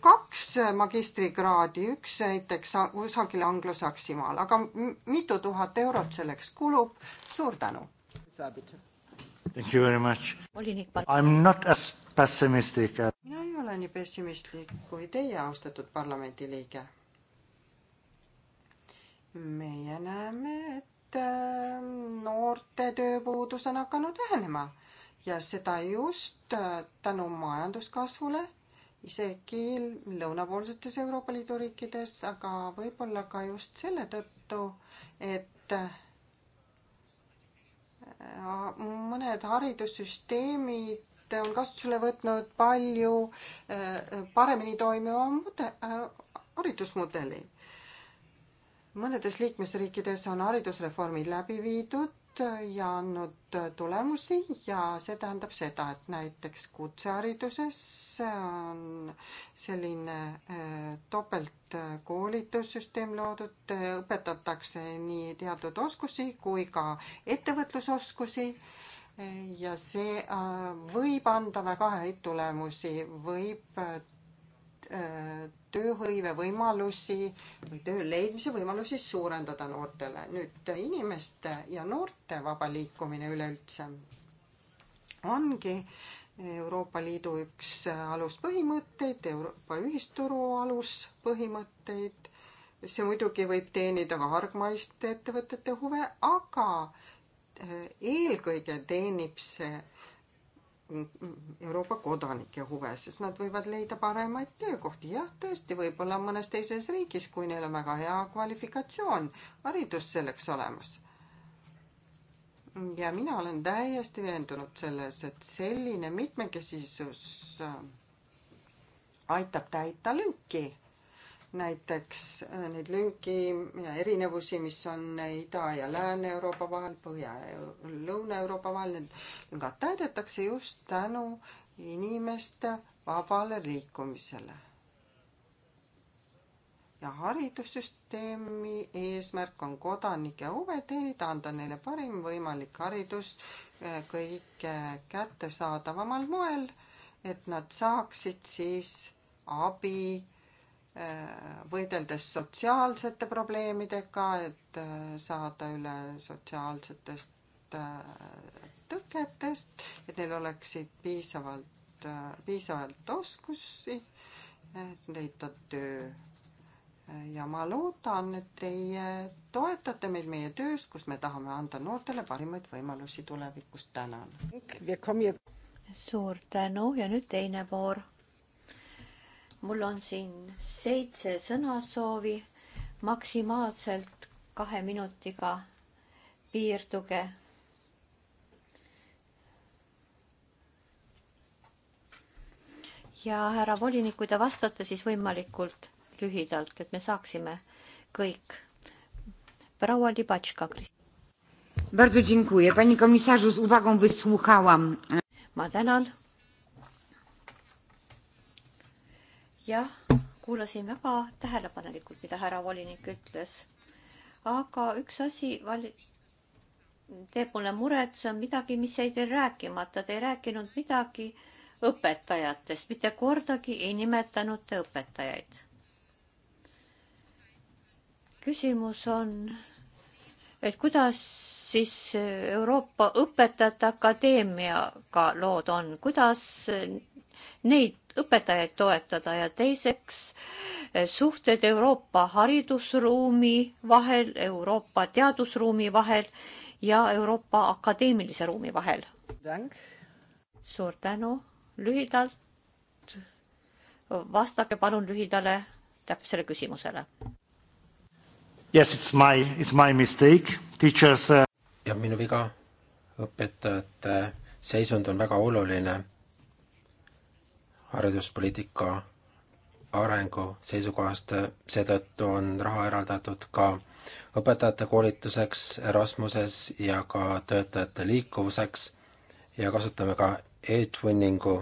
kaks magistrikraadi, üks näiteks kusagil Anglo-Saksimaal, aga mitu tuhat eurot selleks kulub, suur tänu! volinik, palun! pessimistic. mina ei ole nii pessimistlik kui teie, austatud parlamendiliige. meie näeme, et ähm, noorte tööpuudus on hakanud vähenema ja seda just äh, tänu majanduskasvule, isegi lõunapoolsetes Euroopa Liidu riikides, aga võib-olla ka just selle tõttu, et äh, mõned haridussüsteemid on kasutusele võtnud palju äh, paremini toimiva mude-, äh, haridusmudeli. mõnedes liikmesriikides on haridusreformid läbi viidud ja andnud tulemusi ja see tähendab seda, et näiteks kutsehariduses on selline äh, topeltkoolitussüsteem loodud, õpetatakse nii teatud oskusi kui ka ettevõtlusoskusi ja see äh, võib anda väga häid tulemusi, võib äh, äh, tööhõive võimalusi või töö leidmise võimalusi suurendada noortele. nüüd inimeste ja noorte vaba liikumine üleüldse ongi Euroopa Liidu üks aluspõhimõtteid, Euroopa ühisturu aluspõhimõtteid. see muidugi võib teenida ka hargmaiste ettevõtete huve, aga eelkõige teenib see Euroopa kodanike huve, sest nad võivad leida paremaid töökohti. jah, tõesti, võib-olla mõnes teises riigis, kui neil on väga hea kvalifikatsioon, haridus selleks olemas. ja mina olen täiesti veendunud selles, et selline mitmekesisus äh, aitab täita lünki näiteks äh, neid lünki ja erinevusi, mis on Ida- ja Lääne-Euroopa vahel, Põhja- ja Lõuna-Euroopa vahel, need lüngad täidetakse just tänu inimeste vabale liikumisele. ja haridussüsteemi eesmärk on kodanike huve teenida, anda neile parim võimalik haridus äh, kõige kättesaadavamal moel, et nad saaksid siis abi äh, võideldes sotsiaalsete probleemidega, et äh, saada üle sotsiaalsetest äh, tõketest, et neil oleksid piisavalt, äh, piisavalt oskusi, et leida töö. ja ma loodan, et teie toetate meid meie töös, kus me tahame anda noortele parimaid võimalusi tulevikus. tänan. suur tänu ja nüüd teine voor mul on siin seitse sõnasoovi, maksimaalselt kahe minutiga piirduge. ja härra volinik, kui te vastate, siis võimalikult lühidalt, et me saaksime kõik. proua Libatška. ma tänan jah, kuulasin väga tähelepanelikult, mida härra volinik ütles. aga üks asi vali-, teeb mulle muret, see on midagi, mis jäi teil rääkimata, te ei rääkinud midagi õpetajatest, mitte kordagi ei nimetanud te õpetajaid. küsimus on, et kuidas siis Euroopa Õpetajate Akadeemiaga lood on, kuidas neid õpetajaid toetada ja teiseks eh, suhted Euroopa haridusruumi vahel, Euroopa teadusruumi vahel ja Euroopa akadeemilise ruumi vahel. suur tänu, lühidalt vastake palun lühidale täpsele küsimusele. Yes, it's my, it's my mistake, teachers uh.... ja minu viga, õpetajate seisund on väga oluline hariduspoliitika arengu seisukohast, seetõttu on raha eraldatud ka õpetajate koolituseks Erasmuses ja ka töötajate liikuvuseks ja kasutame ka e-twinningu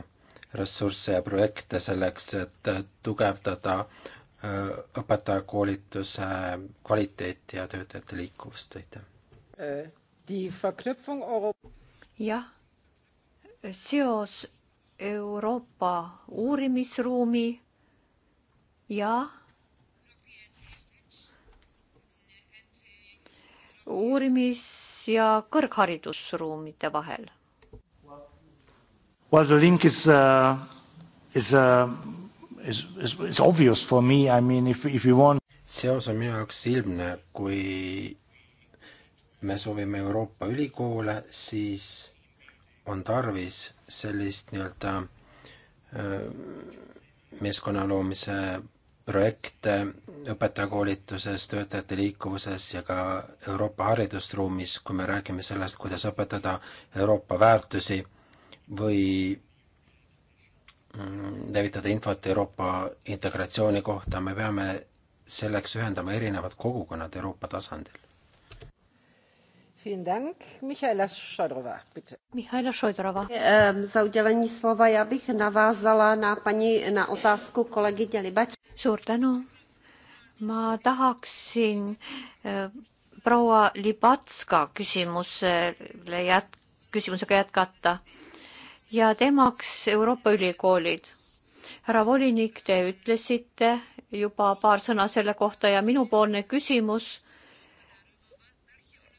ressursse ja projekte selleks, et tugevdada äh, õpetajakoolituse kvaliteeti ja töötajate liikuvust, aitäh! Äh, jah, seos Euroopa uurimisruumi ja uurimis- ja kõrgharidusruumide vahel? Well, the link is uh, is uh, is, is is obvious for me. I mean, if if you want. seos on minu jaoks ilmne, kui me soovime Euroopa ülikoole, siis on tarvis sellist nii-öelda äh, meeskonna loomise projekte õpetajakoolituses, töötajate liikuvuses ja ka Euroopa haridusruumis, kui me räägime sellest, kuidas õpetada Euroopa väärtusi või mm, levitada infot Euroopa integratsiooni kohta, me peame selleks ühendama erinevad kogukonnad Euroopa tasandil. Michaela Šojdrová. Eh, za udělení slova já bych navázala na paní, na otázku kolegyně Libač. Suur tänu. Ma tahaksin eh, proua Libatska küsimusele jät-, küsimusega jätkata ja teemaks Euroopa ülikoolid. härra volinik, te ütlesite juba paar sõna selle kohta ja minupoolne küsimus,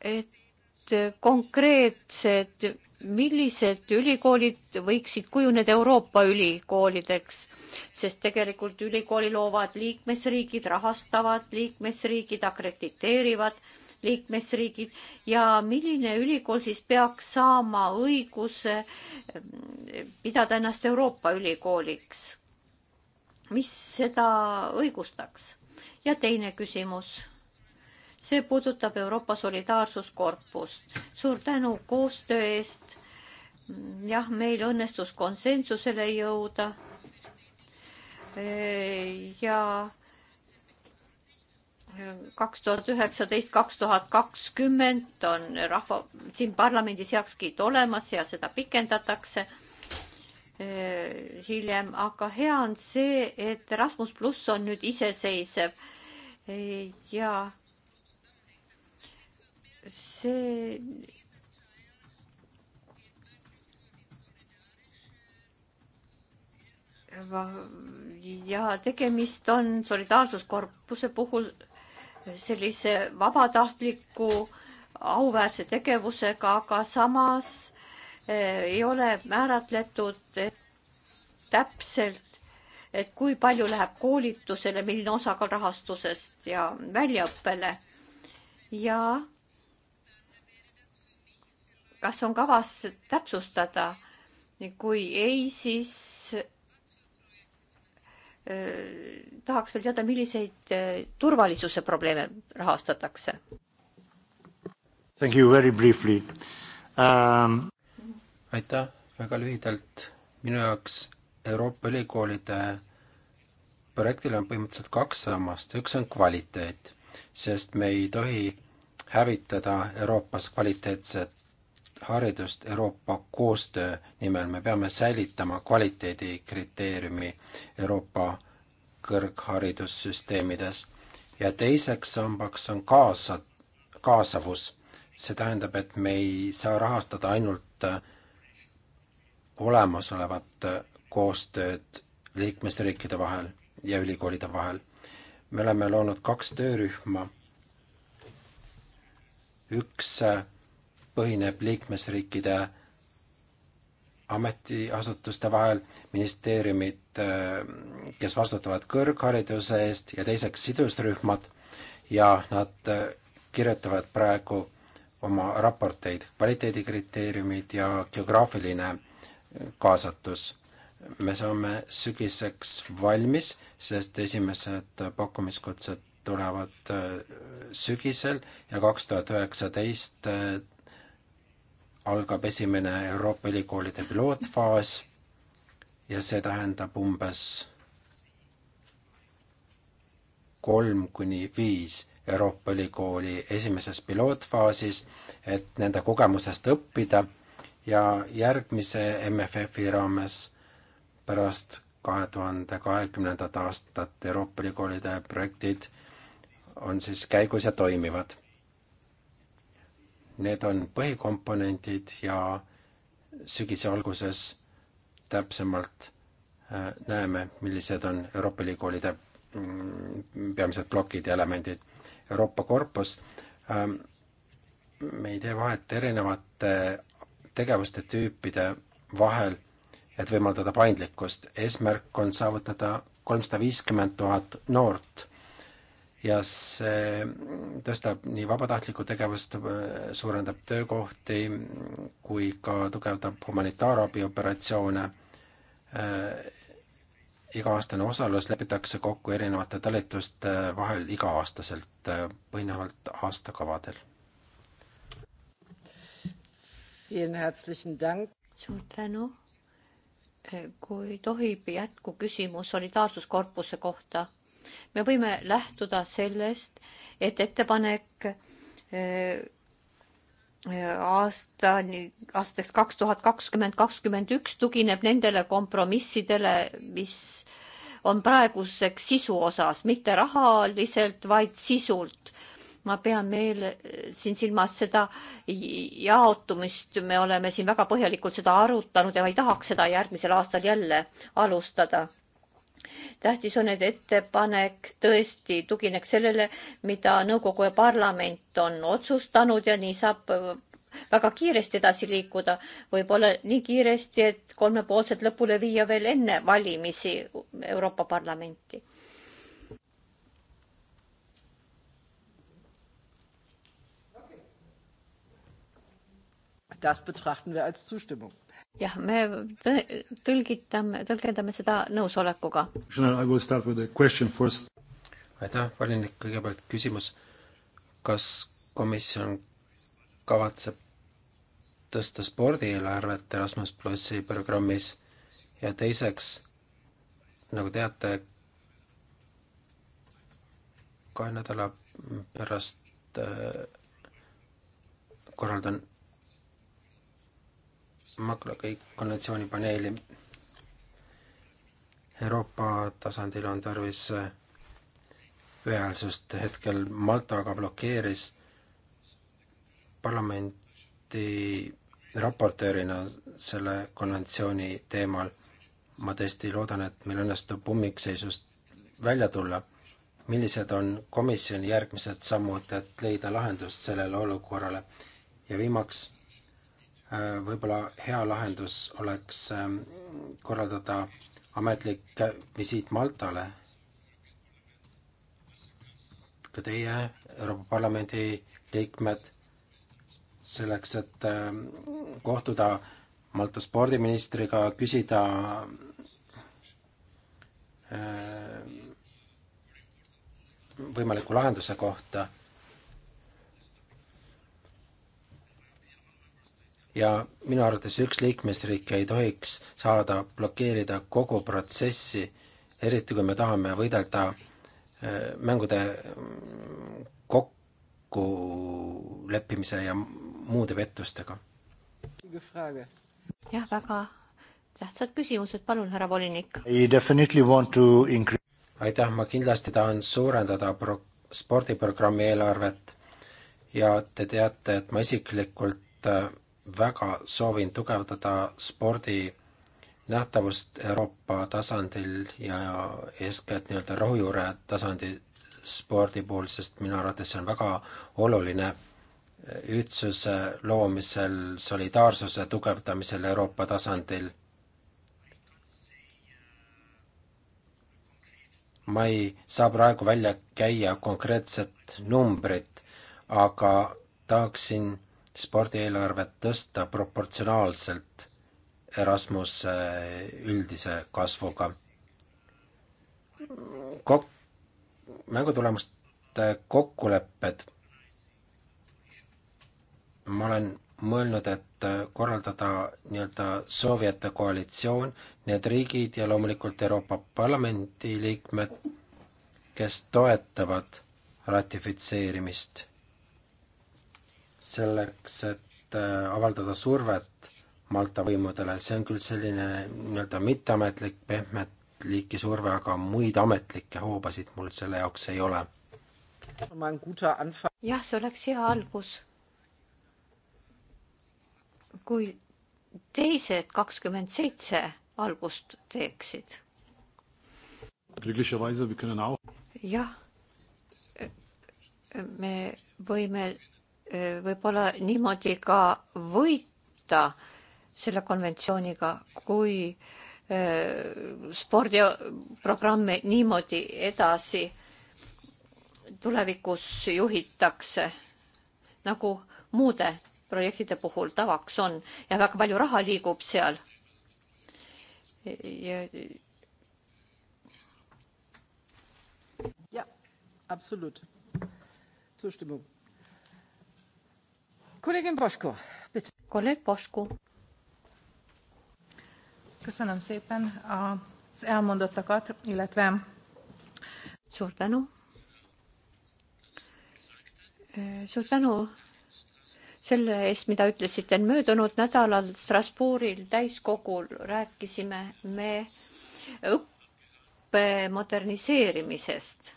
et konkreetsed, millised ülikoolid võiksid kujuneda Euroopa ülikoolideks, sest tegelikult ülikooli loovad liikmesriigid, rahastavad liikmesriigid, akrediteerivad liikmesriigid ja milline ülikool siis peaks saama õiguse mm, pidada ennast Euroopa ülikooliks? mis seda õigustaks? ja teine küsimus see puudutab Euroopa Solidaarsuskorpust. suur tänu koostöö eest. jah, meil õnnestus konsensusele jõuda. E, ja kaks tuhat üheksateist, kaks tuhat kakskümmend on rahva, siin parlamendis heakskiit olemas ja seda pikendatakse e, hiljem, aga hea on see, et Rasmus pluss on nüüd iseseisev e, ja see ja tegemist on solidaarsuskorpuse puhul sellise vabatahtliku auväärse tegevusega, aga samas eh, ei ole määratletud täpselt, et kui palju läheb koolitusele, milline osakaal rahastusest ja väljaõppele ja kas on kavas täpsustada? kui ei, siis äh, tahaks veel teada, milliseid äh, turvalisuse probleeme rahastatakse. Thank you very briefly um.... aitäh, väga lühidalt. minu jaoks Euroopa ülikoolide projektil on põhimõtteliselt kaks sammast, üks on kvaliteet, sest me ei tohi hävitada Euroopas kvaliteetset haridust Euroopa koostöö nimel, me peame säilitama kvaliteedikriteeriumi Euroopa kõrgharidussüsteemides ja teiseks sambaks on kaasa, kaasavus. see tähendab, et me ei saa rahastada ainult olemasolevat koostööd liikmesriikide vahel ja ülikoolide vahel. me oleme loonud kaks töörühma, üks põhineb liikmesriikide ametiasutuste vahel, ministeeriumid, äh, kes vastutavad kõrghariduse eest ja teiseks sidusrühmad ja nad äh, kirjutavad praegu oma raporteid, kvaliteedikriteeriumid ja geograafiline äh, kaasatus. me saame sügiseks valmis, sest esimesed pakkumiskutsed tulevad sügisel ja kaks tuhat üheksateist algab esimene Euroopa ülikoolide pilootfaas ja see tähendab umbes kolm kuni viis Euroopa ülikooli esimeses pilootfaasis, et nende kogemusest õppida ja järgmise MFF-i raames pärast kahe tuhande kahekümnendat aastat Euroopa ülikoolide projektid on siis käigus ja toimivad. Need on põhikomponendid ja sügise alguses täpsemalt äh, näeme, millised on Euroopa Liidu koolide mm, peamised plokid ja elemendid. Euroopa korpus, ähm, me ei tee vahet erinevate tegevuste tüüpide vahel, et võimaldada paindlikkust. eesmärk on saavutada kolmsada viiskümmend tuhat noort ja see tõstab nii vabatahtlikku tegevust, suurendab töökohti kui ka tugevdab humanitaarabioperatsioone. iga-aastane osalus lepitakse kokku erinevate talituste vahel iga-aastaselt, põhinevalt aastakavadel. suur tänu. kui tohib, jätkuküsimus solidaarsuskorpuse kohta me võime lähtuda sellest, et ettepanek äh, aastani, aastaks kaks tuhat kakskümmend, kakskümmend üks tugineb nendele kompromissidele, mis on praeguseks sisu osas, mitte rahaliselt, vaid sisult. ma pean meil siin silmas seda jaotumist, me oleme siin väga põhjalikult seda arutanud ja ma ei tahaks seda järgmisel aastal jälle alustada tähtis on, et ettepanek tõesti tugineks sellele, mida nõukogu ja parlament on otsustanud ja nii saab väga kiiresti edasi liikuda, võib-olla nii kiiresti, et kolmepoolsed lõpule viia veel enne valimisi Euroopa Parlamenti. Das betrachten wir als Zustimmung jah, me tõlgitame, tõlgendame seda nõusolekuga. aitäh, volinik, kõigepealt küsimus. kas komisjon kavatseb tõsta spordieelarvet Erasmus plussi programmis ja teiseks, nagu teate, kahe nädala pärast äh, korraldan makrokonventsiooni paneeli. Euroopa tasandil on tarvis äh, ühehäälsust, hetkel Malta aga blokeeris parlamenti raportöörina selle konventsiooni teemal. ma tõesti loodan, et meil õnnestub ummikseisust välja tulla. millised on komisjoni järgmised sammud, et leida lahendust sellele olukorrale? ja viimaks Äh, võib-olla hea lahendus oleks ähm, korraldada ametlik visiit Maltale. ka teie, Euroopa Parlamendi liikmed, selleks, et ähm, kohtuda Malta spordiministriga, küsida ähm, võimaliku lahenduse kohta ja minu arvates üks liikmesriik ei tohiks saada blokeerida kogu protsessi, eriti kui me tahame võidelda äh, mängude mm, kokkuleppimise ja muude pettustega. jah, väga tähtsad küsimused, palun, härra volinik. aitäh, ma kindlasti tahan suurendada pro-, spordiprogrammi eelarvet ja te teate, et ma isiklikult äh, väga soovin tugevdada spordi nähtavust Euroopa tasandil ja eeskätt nii-öelda rohujuure tasandi spordi puhul, sest minu arvates see on väga oluline ühtsuse loomisel, solidaarsuse tugevdamisel Euroopa tasandil. ma ei saa praegu välja käia konkreetset numbrit, aga tahaksin spordieelarvet tõsta proportsionaalselt Erasmuse eh, üldise kasvuga. Kok-, mängutulemuste kokkulepped, ma olen mõelnud, et korraldada nii-öelda soovijate koalitsioon, need riigid ja loomulikult Euroopa Parlamendi liikmed, kes toetavad ratifitseerimist selleks, et äh, avaldada survet Malta võimudele, see on küll selline nii-öelda mitteametlik, pehmet liiki surve, aga muid ametlikke hoobasid mul selle jaoks ei ole. jah, see oleks hea algus. kui teised kakskümmend seitse algust teeksid. jah, me võime võib-olla niimoodi ka võita selle konventsiooniga, kui äh, spordiprogramme niimoodi edasi tulevikus juhitakse, nagu muude projektide puhul tavaks on ja väga palju raha liigub seal. ja absoluut, suhtumine. Kollegin Pasko. Kolleg Pasko. Köszönöm szépen az elmondottakat, illetve... Suur tänu. Suur tänu selle eest, mida ütlesite. möödunud nädalal Strasbourgil täiskogul rääkisime me õppe moderniseerimisest.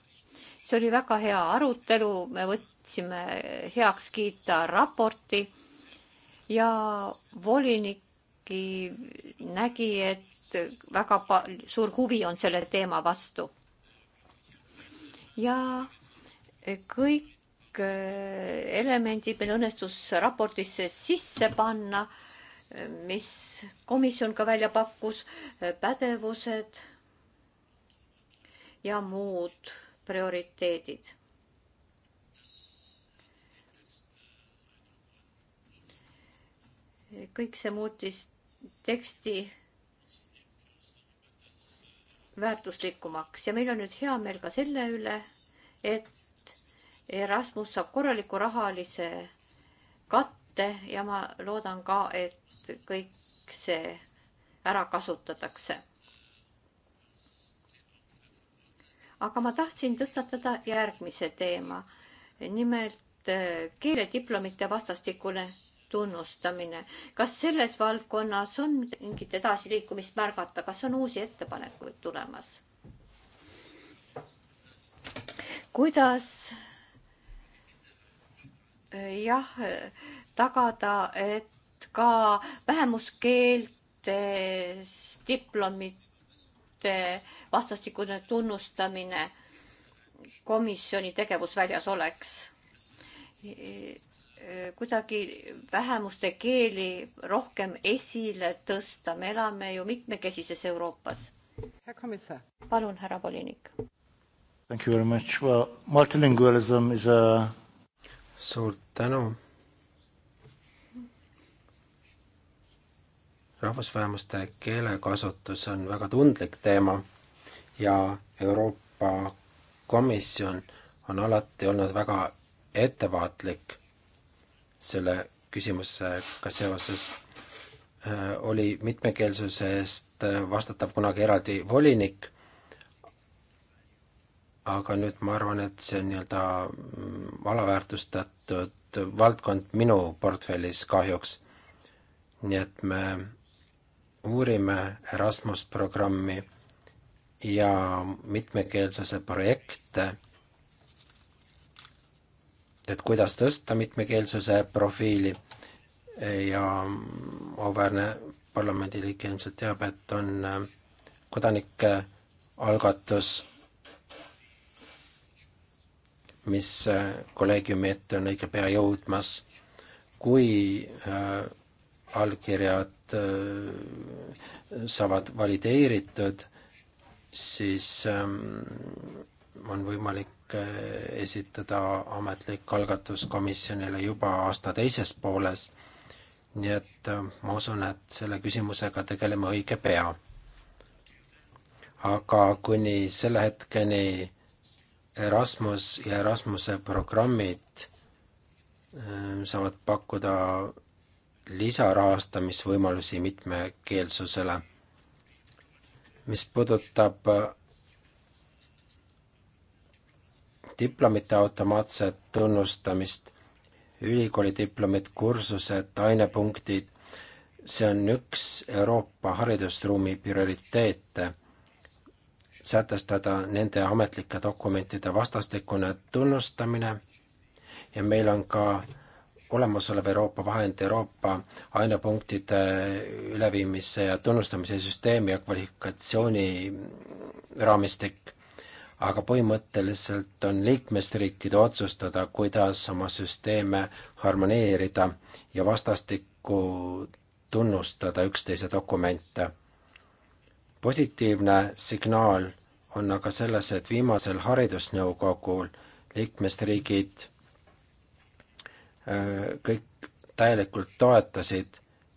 see oli väga hea arutelu, me võt-, võtsime heaks kiita raporti ja volinikki nägi, et väga suur huvi on selle teema vastu. ja kõik äh, elemendid meil õnnestus raportisse sisse panna, äh, mis komisjon ka välja pakkus, äh, pädevused ja muud prioriteedid kõik see muutis teksti väärtuslikumaks ja meil on nüüd hea meel ka selle üle, et Erasmus saab korraliku rahalise katte ja ma loodan ka, et kõik see ära kasutatakse. aga ma tahtsin tõstatada järgmise teema, nimelt keelediplomite vastastikune tunnustamine. kas selles valdkonnas on mingit edasiliikumist märgata, kas on uusi ettepanekuid tulemas? kuidas jah, tagada, et ka vähemuskeeltes diplomite vastastikune tunnustamine komisjoni tegevusväljas oleks? kuidagi vähemuste keeli rohkem esile tõsta, me elame ju mitmekesises Euroopas. palun, härra volinik. Thank you very much, well multilingualism is a. suur tänu. rahvusvähemuste keelekasutus on väga tundlik teema ja Euroopa Komisjon on alati olnud väga ettevaatlik selle küsimusega seoses äh, oli mitmekeelsuse eest äh, vastatav kunagi eraldi volinik, aga nüüd ma arvan, et see on nii-öelda mm, alaväärtustatud valdkond minu portfellis kahjuks. nii et me uurime Erasmus programmi ja mitmekeelsuse projekte et kuidas tõsta mitmekeelsuse profiili ja auväärne parlamendiliige ilmselt teab, et on äh, kodanike äh, algatus, mis äh, kolleegiumi ette on õige pea jõudmas. kui allkirjad saavad valideeritud, siis ähm, on võimalik Äh, esitada ametlik algatus komisjonile juba aasta teises pooles. nii et äh, ma usun, et selle küsimusega tegeleme õige pea. aga kuni selle hetkeni Erasmus ja Erasmuse programmid äh, saavad pakkuda lisarahastamisvõimalusi mitmekeelsusele. mis puudutab diplomite automaatset tunnustamist, ülikoolidiplomid, kursused, ainepunktid, see on üks Euroopa haridusruumi prioriteete, sätestada nende ametlike dokumentide vastastikune tunnustamine ja meil on ka olemasolev Euroopa vahend Euroopa ainepunktide üleviimise ja tunnustamise süsteemi ja kvalifikatsiooni raamistik aga põhimõtteliselt on liikmesriikide otsustada, kuidas oma süsteeme harmoneerida ja vastastikku tunnustada üksteise dokumente. positiivne signaal on aga selles, et viimasel haridusnõukogul liikmesriigid äh, kõik täielikult toetasid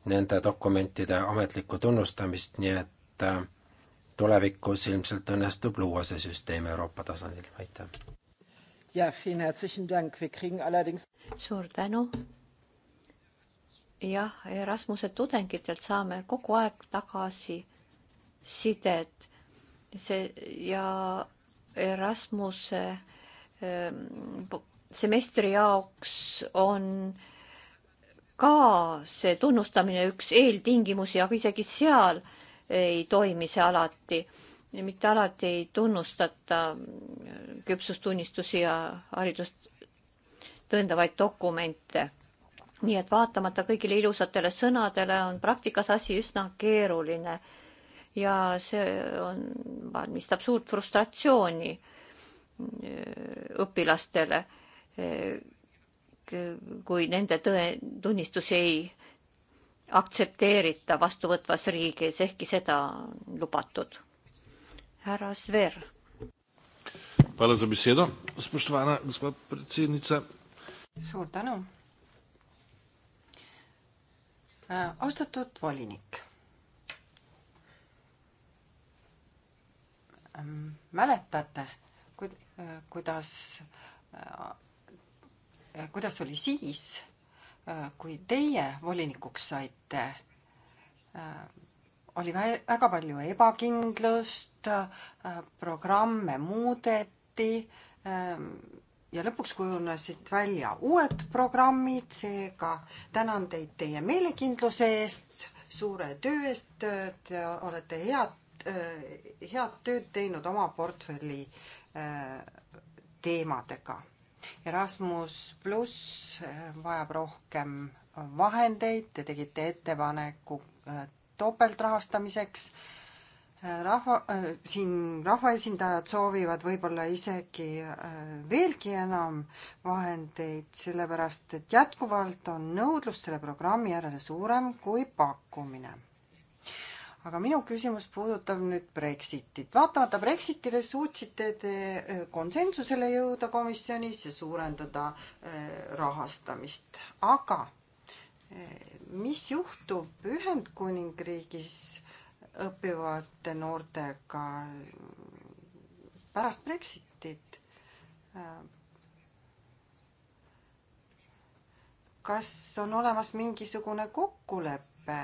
nende dokumentide ametlikku tunnustamist, nii et äh, tulevikus ilmselt õnnestub luua see süsteem Euroopa tasandil, aitäh. ja, allerdings... suur tänu. jah, Erasmuse tudengitelt saame kogu aeg tagasi sidet. see ja Erasmuse ähm, semestri jaoks on ka see tunnustamine üks eeltingimusi, aga isegi seal äh, ei toimi see alati. mitte alati ei tunnustata küpsustunnistusi ja haridust tõendavaid dokumente. nii et vaatamata kõigile ilusatele sõnadele on praktikas asi üsna keeruline ja see on, valmistab suurt frustratsiooni äh, õpilastele, äh, kui nende tõe, tunnistusi ei aktsepteerita vastuvõtvas riigis, ehkki seda on lubatud. härra Sver. suur tänu. Äh, austatud volinik. Ähm, mäletate, äh, kuidas, äh, kuidas oli siis Äh, kui teie volinikuks saite, äh, oli väga palju ebakindlust, äh, programme muudeti ja lõpuks kujunesid välja uued programmid, seega tänan teid teie meelekindluse eest, suure töö eest, te olete head, head tööd teinud oma portfelli teemadega Erasmus pluss eh, vajab rohkem vahendeid, te tegite ettepaneku eh, topeltrahastamiseks. Eh, rahva, siin rahvaesindajad soovivad võib-olla isegi veelgi enam vahendeid, sellepärast et jätkuvalt on nõudlus selle programmi järele suurem kui pakkumine aga minu küsimus puudutab nüüd Brexitit. vaatamata Brexitile suutsite te äh, konsensusele jõuda komisjonis ja suurendada äh, rahastamist, aga äh, mis juhtub Ühendkuningriigis õppivate noortega pärast Brexitit? kas on olemas mingisugune kokkulepe?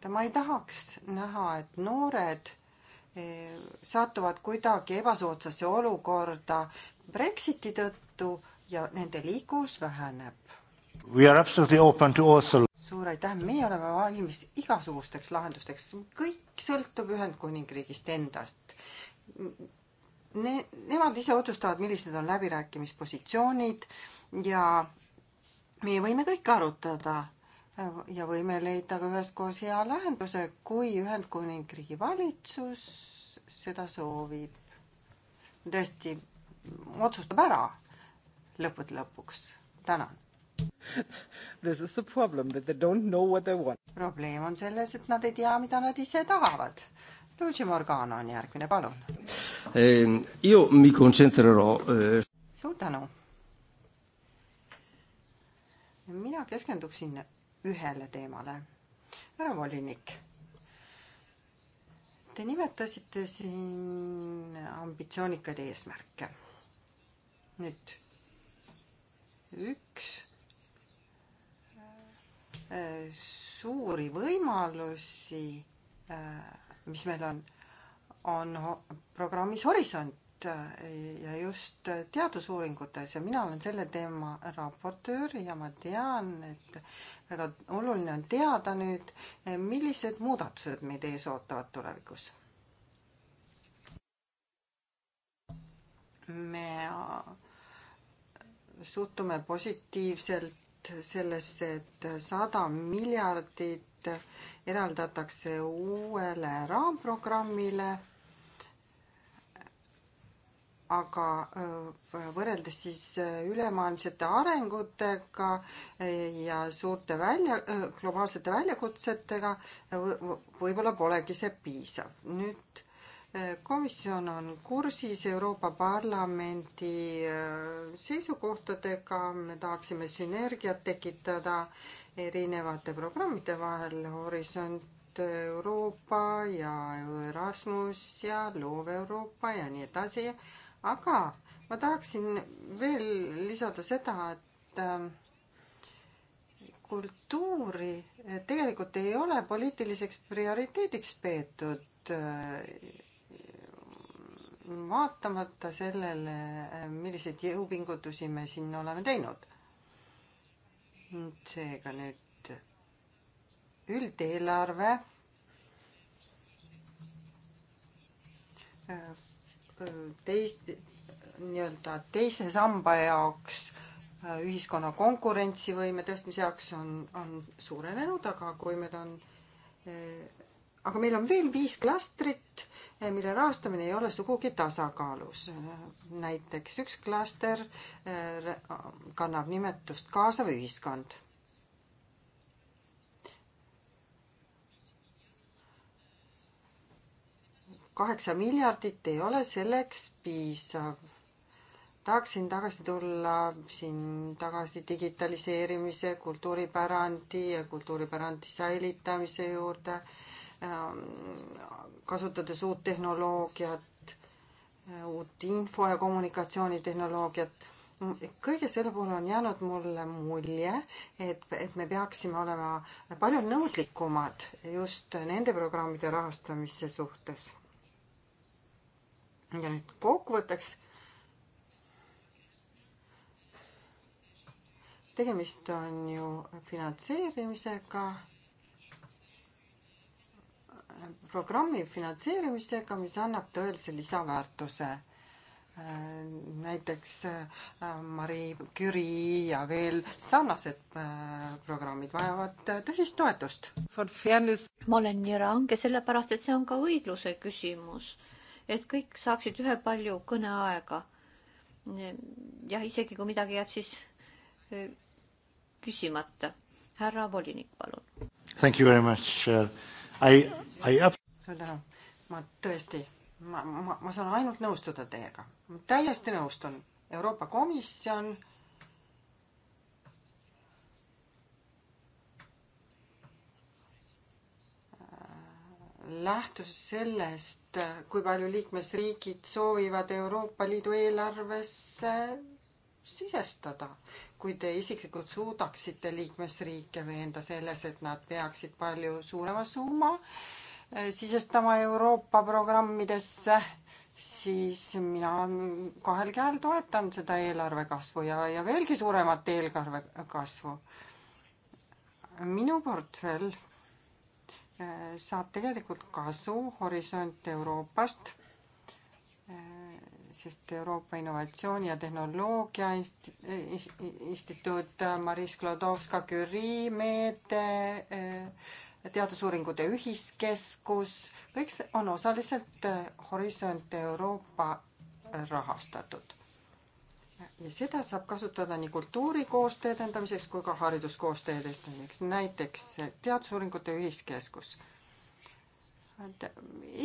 et ma ei tahaks näha, et noored eh, satuvad kuidagi ebasoodsasse olukorda Brexiti tõttu ja nende liiklus väheneb. suur aitäh, meie oleme valmis igasugusteks lahendusteks, kõik sõltub Ühendkuningriigist endast. Ne-, nemad ise otsustavad, millised on läbirääkimispositsioonid ja meie võime kõike arutada ja võime leida ka üheskoos hea lahenduse, kui Ühendkuningriigi valitsus seda soovib. tõesti otsustab ära lõppude lõpuks. tänan. This is the problem that they don't know what they want. probleem on selles, et nad ei tea, mida nad ise tahavad. Luigi Morgano on järgmine, palun eh,. Io mi concentrerò eh.... suur tänu. mina keskenduksin ühele teemale. härra volinik, te nimetasite siin ambitsioonikaid eesmärke. nüüd üks äh, suuri võimalusi, äh, mis meil on, on programmis Horisont ja just teadusuuringutes ja mina olen selle teema raportöör ja ma tean, et väga oluline on teada nüüd, millised muudatused meid ees ootavad tulevikus. me suhtume positiivselt sellesse, et sada miljardit eraldatakse uuele raamprogrammile aga võrreldes siis ülemaailmsete arengutega e, ja suurte välja, globaalsete väljakutsetega e, võib-olla polegi see piisav. nüüd e, komisjon on kursis Euroopa Parlamendi seisukohtadega, me tahaksime sünergiat tekitada erinevate programmide vahel, Horisont Euroopa ja Erasmus ja Loov Euroopa ja nii edasi aga ma tahaksin veel lisada seda, et ähm, kultuuri äh, tegelikult ei ole poliitiliseks prioriteediks peetud, äh, vaatamata sellele, äh, milliseid jõupingutusi me siin oleme teinud. seega nüüd üldeelarve teist, nii-öelda teise samba jaoks, äh, ühiskonna konkurentsivõime tõstmise jaoks on, on suurenenud, aga kui meil on äh, aga meil on veel viis klastrit, äh, mille rahastamine ei ole sugugi tasakaalus. näiteks üks klaster kannab nimetust kaasav ühiskond kaheksa miljardit ei ole selleks piisav. tahaksin tagasi tulla siin tagasi digitaliseerimise, kultuuripärandi ja kultuuripärandi säilitamise juurde, ähm, kasutades uut tehnoloogiat, uut info- ja kommunikatsioonitehnoloogiat kõige selle puhul on jäänud mulle mulje, et, et me peaksime olema palju nõudlikumad just nende programmide rahastamise suhtes ja nüüd kokkuvõtteks. tegemist on ju finantseerimisega, programmi finantseerimisega, mis annab tõelise lisaväärtuse näiteks äh, Marie Curie ja veel sarnased äh, programmid vajavad tõsist toetust. ma olen nii range sellepärast, et see on ka õigluse küsimus et kõik saaksid ühepalju kõneaega. jah, isegi kui midagi jääb siis e, küsimata. härra volinik, palun. Thank you very much uh,. I, I up-. suur tänu. ma tõesti, ma, ma, ma saan ainult nõustuda teiega. ma täiesti nõustun. Euroopa Komisjon uh, lähtus sellest, kui palju liikmesriigid soovivad Euroopa Liidu eelarvesse sisestada. kui te isiklikult suudaksite liikmesriike veenda selles, et nad peaksid palju suurema summa eh, sisestama Euroopa programmidesse, siis mina kahel käel toetan seda eelarve kasvu ja, ja veelgi suuremat eelarve kasvu. minu portfell saab tegelikult kasu Horisont Euroopast, sest Euroopa Innovatsiooni ja Tehnoloogia Instituut, Maris Klodovska-Curie meede, teadusuuringute ühiskeskus, kõik on osaliselt Horisont Euroopa rahastatud ja seda saab kasutada nii kultuurikoostöö edendamiseks kui ka hariduskoostöö edendamiseks, näiteks teadusuuringute ühiskeskus.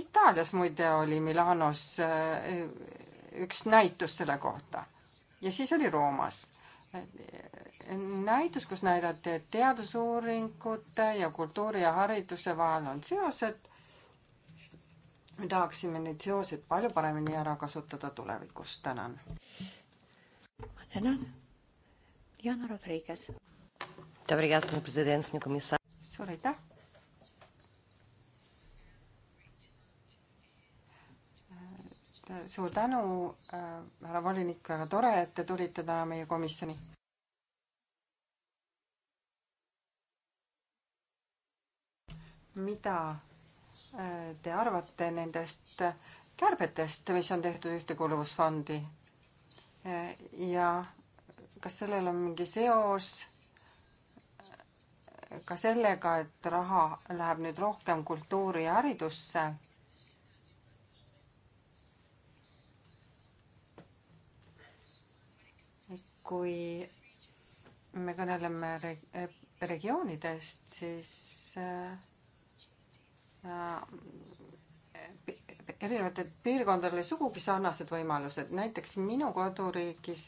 Itaalias muide oli Milanos äh, üks näitus selle kohta ja siis oli Roomas näitus, kus näidati, et teadusuuringute ja kultuuri ja hariduse vahel on seosed. me tahaksime neid seoseid palju paremini ära kasutada tulevikus, tänan ma tänan. Jana Rodriguez. suur aitäh. suur tänu, härra volinik, väga tore, et te tulite täna meie komisjoni. mida eh, te arvate nendest kärbetest, mis on tehtud Ühtekuuluvusfondi ja kas sellel on mingi seos ka sellega, et raha läheb nüüd rohkem kultuuri ja haridusse? kui me kõneleme regioonidest, siis äh, erinevatele piirkondadele sugugi sarnased võimalused, näiteks minu koduriigis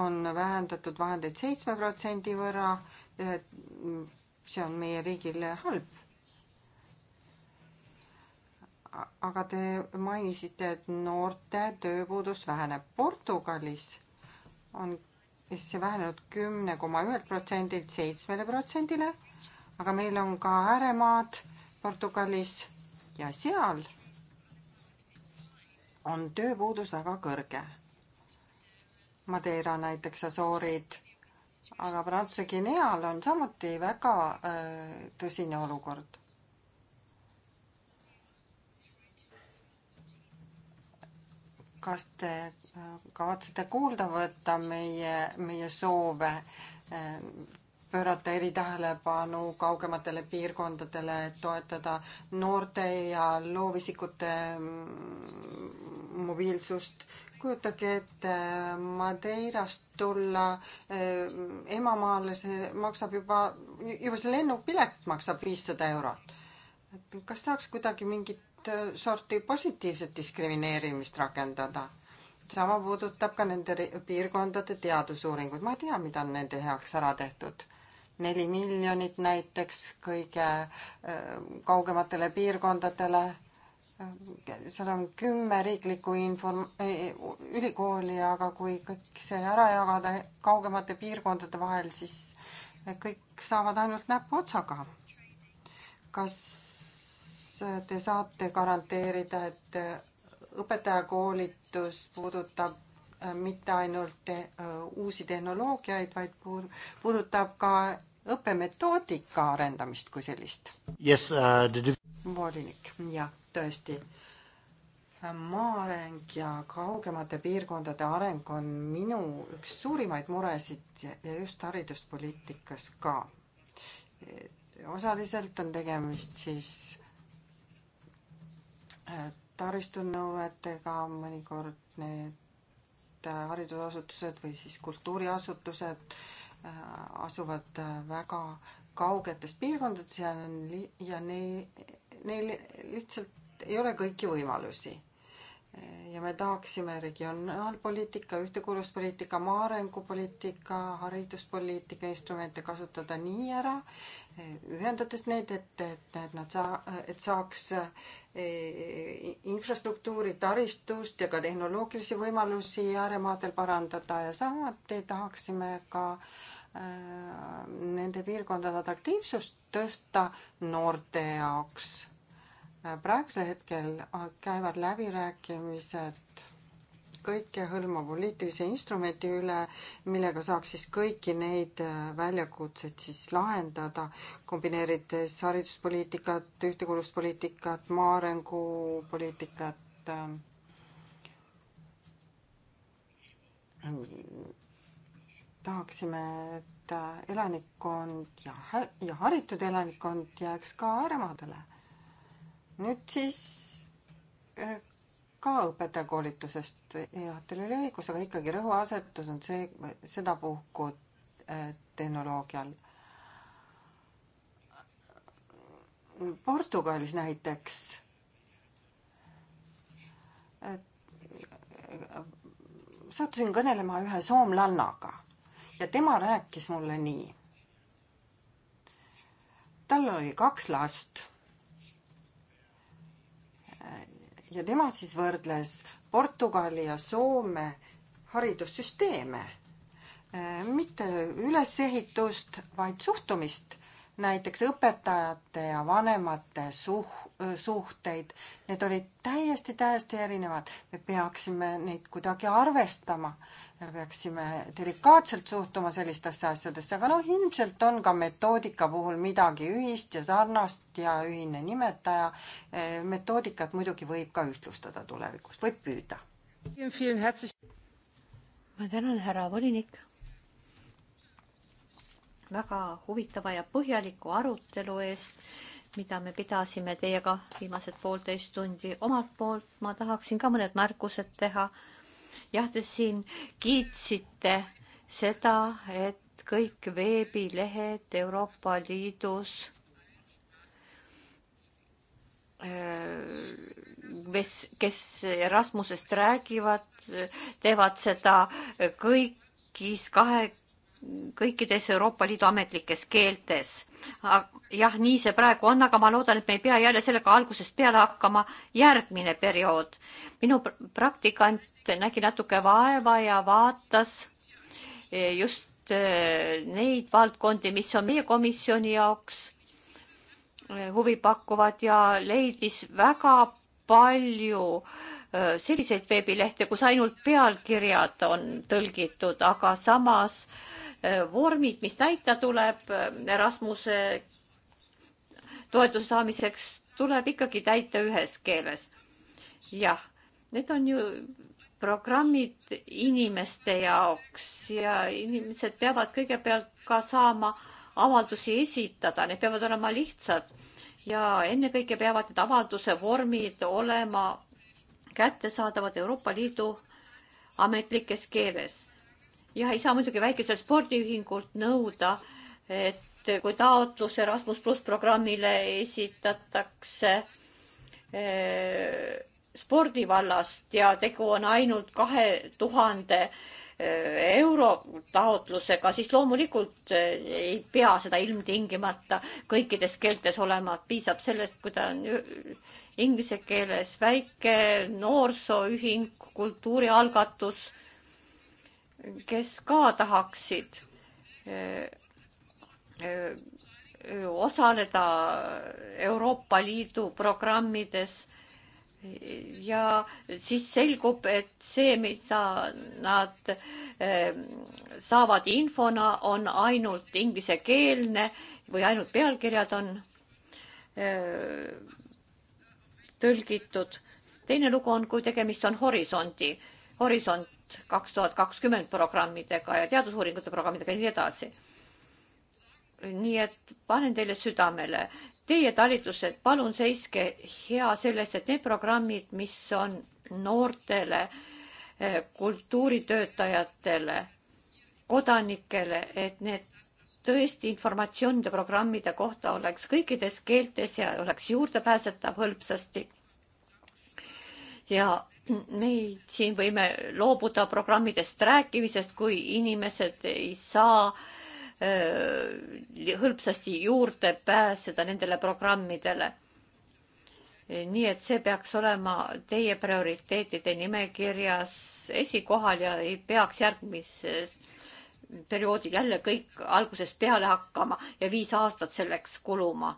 on vähendatud vahendeid seitsme protsendi võrra, see on meie riigile halb. aga te mainisite, et noorte tööpuudus väheneb. Portugalis on see vähenenud kümne koma ühelt protsendilt seitsmele protsendile, aga meil on ka ääremaad Portugalis ja seal on tööpuudus väga kõrge. Madeira näiteks Asoorid, aga Prantsuse Guineal on samuti väga äh, tõsine olukord. kas te äh, kavatsete kuulda võtta meie, meie soove äh, pöörata eritähelepanu kaugematele piirkondadele, et toetada noorte ja loovisikute mm, mobiilsust. kujutage ette, äh, Madeirast tulla äh, emamaale, see maksab juba, juba see lennupilet maksab viissada eurot. kas saaks kuidagi mingit äh, sorti positiivset diskrimineerimist rakendada? sama puudutab ka nende piirkondade teadusuuringuid, ma ei tea, mida on nende heaks ära tehtud neli miljonit näiteks kõige äh, kaugematele piirkondadele. seal on kümme riiklikku inform-, äh, ülikooli, aga kui kõik see ära jagada kaugemate piirkondade vahel, siis kõik saavad ainult näpuotsaga. kas te saate garanteerida, et õpetajakoolitus puudutab Äh, mitte ainult äh, uusi tehnoloogiaid, vaid puudutab ka õppemetoodika arendamist kui sellist yes, uh,. volinik, jah, tõesti. maaareng ja kaugemate piirkondade areng on minu üks suurimaid muresid ja just hariduspoliitikas ka. osaliselt on tegemist siis äh, taristunõuetega, mõnikord need et äh, haridusasutused või siis kultuuriasutused äh, asuvad äh, väga kaugetes piirkondades ja, ja neil, neil lihtsalt ei ole kõiki võimalusi. ja me tahaksime regionaalpoliitika, ühtekuuluvuspoliitika, maa arengupoliitika, hariduspoliitika instrumente kasutada nii ära, ühendades neid, et, et, et nad saa-, et saaks Eh, infrastruktuuri, taristust ja ka tehnoloogilisi võimalusi ääremaadel parandada ja samuti tahaksime ka eh, nende piirkondade atraktiivsust tõsta noorte jaoks. praegusel hetkel käivad läbirääkimised kõikehõlma poliitilise instrumendi üle, millega saaks siis kõiki neid äh, väljakutseid siis lahendada, kombineerides hariduspoliitikat, ühtekuuluvuspoliitikat, maaarengu poliitikat. Ähm, tahaksime, et äh, elanikkond ja, ja haritud elanikkond jääks ka ääremaadele. nüüd siis äh, ka õpetajakoolitusest ja teil oli õigus, aga ikkagi rõhuasetus on see, sedapuhku tehnoloogial. Portugalis näiteks sattusin kõnelema ühe soomlannaga ja tema rääkis mulle nii. tal oli kaks last ja tema siis võrdles Portugali ja Soome haridussüsteeme. Äh, mitte ülesehitust, vaid suhtumist, näiteks õpetajate ja vanemate suh-, äh, suhteid, need olid täiesti, täiesti erinevad. me peaksime neid kuidagi arvestama me peaksime delikaatselt suhtuma sellistesse asjadesse, aga noh, ilmselt on ka metoodika puhul midagi ühist ja sarnast ja ühine nimetaja. metoodikat muidugi võib ka ühtlustada tulevikus, võib püüda. ma tänan, härra volinik. väga huvitava ja põhjaliku arutelu eest, mida me pidasime teiega viimased poolteist tundi. omalt poolt ma tahaksin ka mõned märkused teha jah, te siin kiitsite seda, et kõik veebilehed Euroopa Liidus kes, äh, kes Erasmusest räägivad, teevad seda kõigis kahe, kõikides Euroopa Liidu ametlikes keeltes. jah, nii see praegu on, aga ma loodan, et me ei pea jälle sellega algusest peale hakkama järgmine periood. minu praktikant nägi natuke vaeva ja vaatas eh, just eh, neid valdkondi, mis on meie komisjoni jaoks eh, huvipakkuvad ja leidis väga palju selliseid veebilehte, kus ainult pealkirjad on tõlgitud, aga samas vormid, mis täita tuleb Erasmuse toetuse saamiseks, tuleb ikkagi täita ühes keeles. jah, need on ju programmid inimeste jaoks ja inimesed peavad kõigepealt ka saama avaldusi esitada, need peavad olema lihtsad ja ennekõike peavad need avalduse vormid olema kättesaadavad Euroopa Liidu ametlikes keeles. jah, ei saa muidugi väikeselt spordiühingult nõuda, et kui taotlus Erasmus pluss programmile esitatakse eh, spordivallast ja tegu on ainult kahe tuhande äh, euro taotlusega, siis loomulikult äh, ei pea seda ilmtingimata kõikides keeltes olema, piisab sellest, kui ta on äh, inglise keeles väike noorsooühing, kultuurialgatus, kes ka tahaksid osaleda Euroopa Liidu programmides ja siis selgub, et see, mida nad ähm, saavad infona, on ainult inglisekeelne või ainult pealkirjad on äh, tõlgitud. teine lugu on, kui tegemist on horisondi, horisont kaks tuhat kakskümmend programmidega ja teadusuuringute programmidega ja nii edasi nii et panen teile südamele, teie talitused, palun seiske hea sellest, et need programmid, mis on noortele, eh, kultuuritöötajatele, kodanikele, et need tõesti informatsioonide programmide kohta oleks kõikides keeltes ja oleks juurdepääsetav hõlpsasti. ja meid siin võime loobuda programmidest rääkimisest, kui inimesed ei saa äh, Äh, hõlpsasti juurde pääseda nendele programmidele. nii et see peaks olema teie prioriteetide nimekirjas esikohal ja ei peaks järgmises perioodil jälle kõik algusest peale hakkama ja viis aastat selleks kuluma.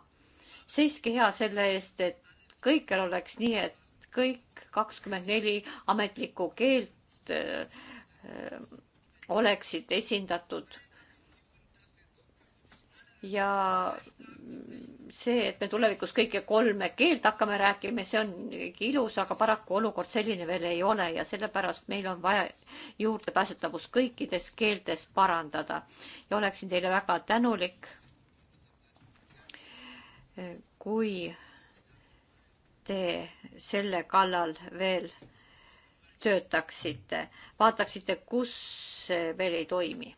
seiske hea selle eest, et kõikjal oleks nii, et kõik kakskümmend neli ametlikku keelt öö, äh, äh, oleksid esindatud ja see, et me tulevikus kõike kolme keelt hakkame rääkima, see on ikkagi ilus, aga paraku olukord selline veel ei ole ja sellepärast meil on vaja juurdepääsetavust kõikides keeltes parandada. ja oleksin teile väga tänulik, kui te selle kallal veel töötaksite, vaataksite, kus veel ei toimi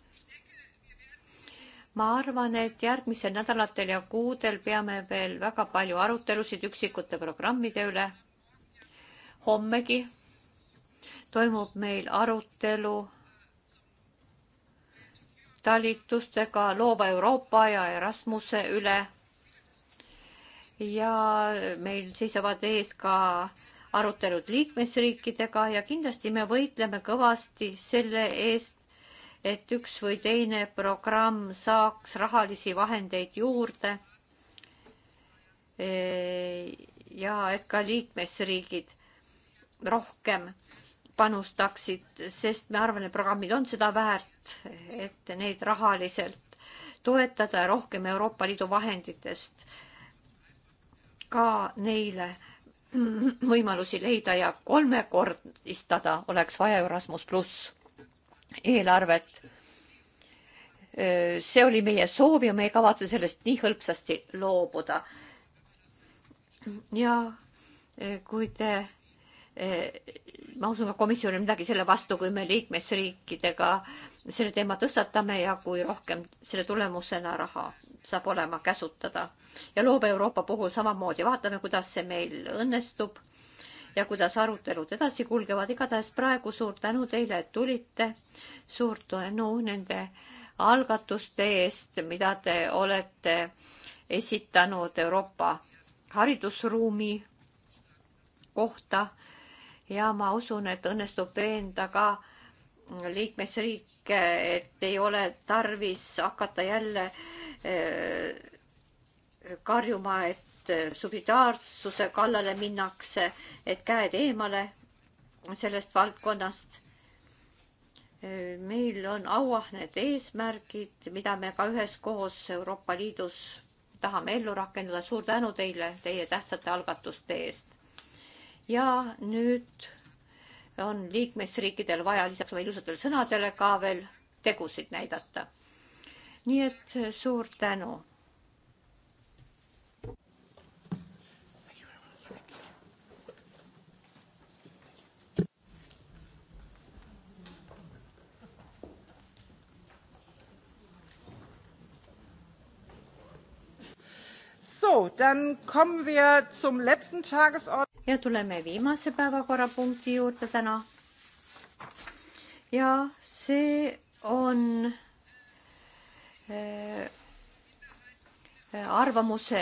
ma arvan, et järgmistel nädalatel ja kuudel peame veel väga palju arutelusid üksikute programmide üle. hommegi toimub meil arutelu talitustega Loova Euroopa ja Erasmuse üle. ja meil seisavad ees ka arutelud liikmesriikidega ja kindlasti me võitleme kõvasti selle eest, et üks või teine programm saaks rahalisi vahendeid juurde. ja et ka liikmesriigid rohkem panustaksid, sest me arvame, et programmid on seda väärt, et neid rahaliselt toetada ja rohkem Euroopa Liidu vahenditest ka neile *clears throat* võimalusi leida ja kolmekordistada oleks vaja Erasmus pluss eelarvet. see oli meie soov ja me ei kavatse sellest nii hõlpsasti loobuda. ja kui te, ma usun, ka komisjonil midagi selle vastu, kui me liikmesriikidega selle teema tõstatame ja kui rohkem selle tulemusena raha saab olema käsutada. ja loove Euroopa puhul samamoodi, vaatame, kuidas see meil õnnestub ja kuidas arutelud edasi kulgevad. igatahes praegu suur tänu teile, et tulite. suur tänu nende algatuste eest, mida te olete esitanud Euroopa haridusruumi kohta. ja ma usun, et õnnestub veenda ka liikmesriike, et ei ole tarvis hakata jälle eh, karjuma, et et subsidiaarsuse kallale minnakse, et käed eemale sellest valdkonnast. meil on auahned eesmärgid, mida me ka üheskoos Euroopa Liidus tahame ellu rakendada. suur tänu teile teie tähtsate algatuste eest. ja nüüd on liikmesriikidel vaja lisaks oma ilusatele sõnadele ka veel tegusid näidata. nii et suur tänu So, dann kommen wir zum letzten Tagesord- ja tuleme viimase päevakorrapunkti juurde täna. ja see on äh, arvamuse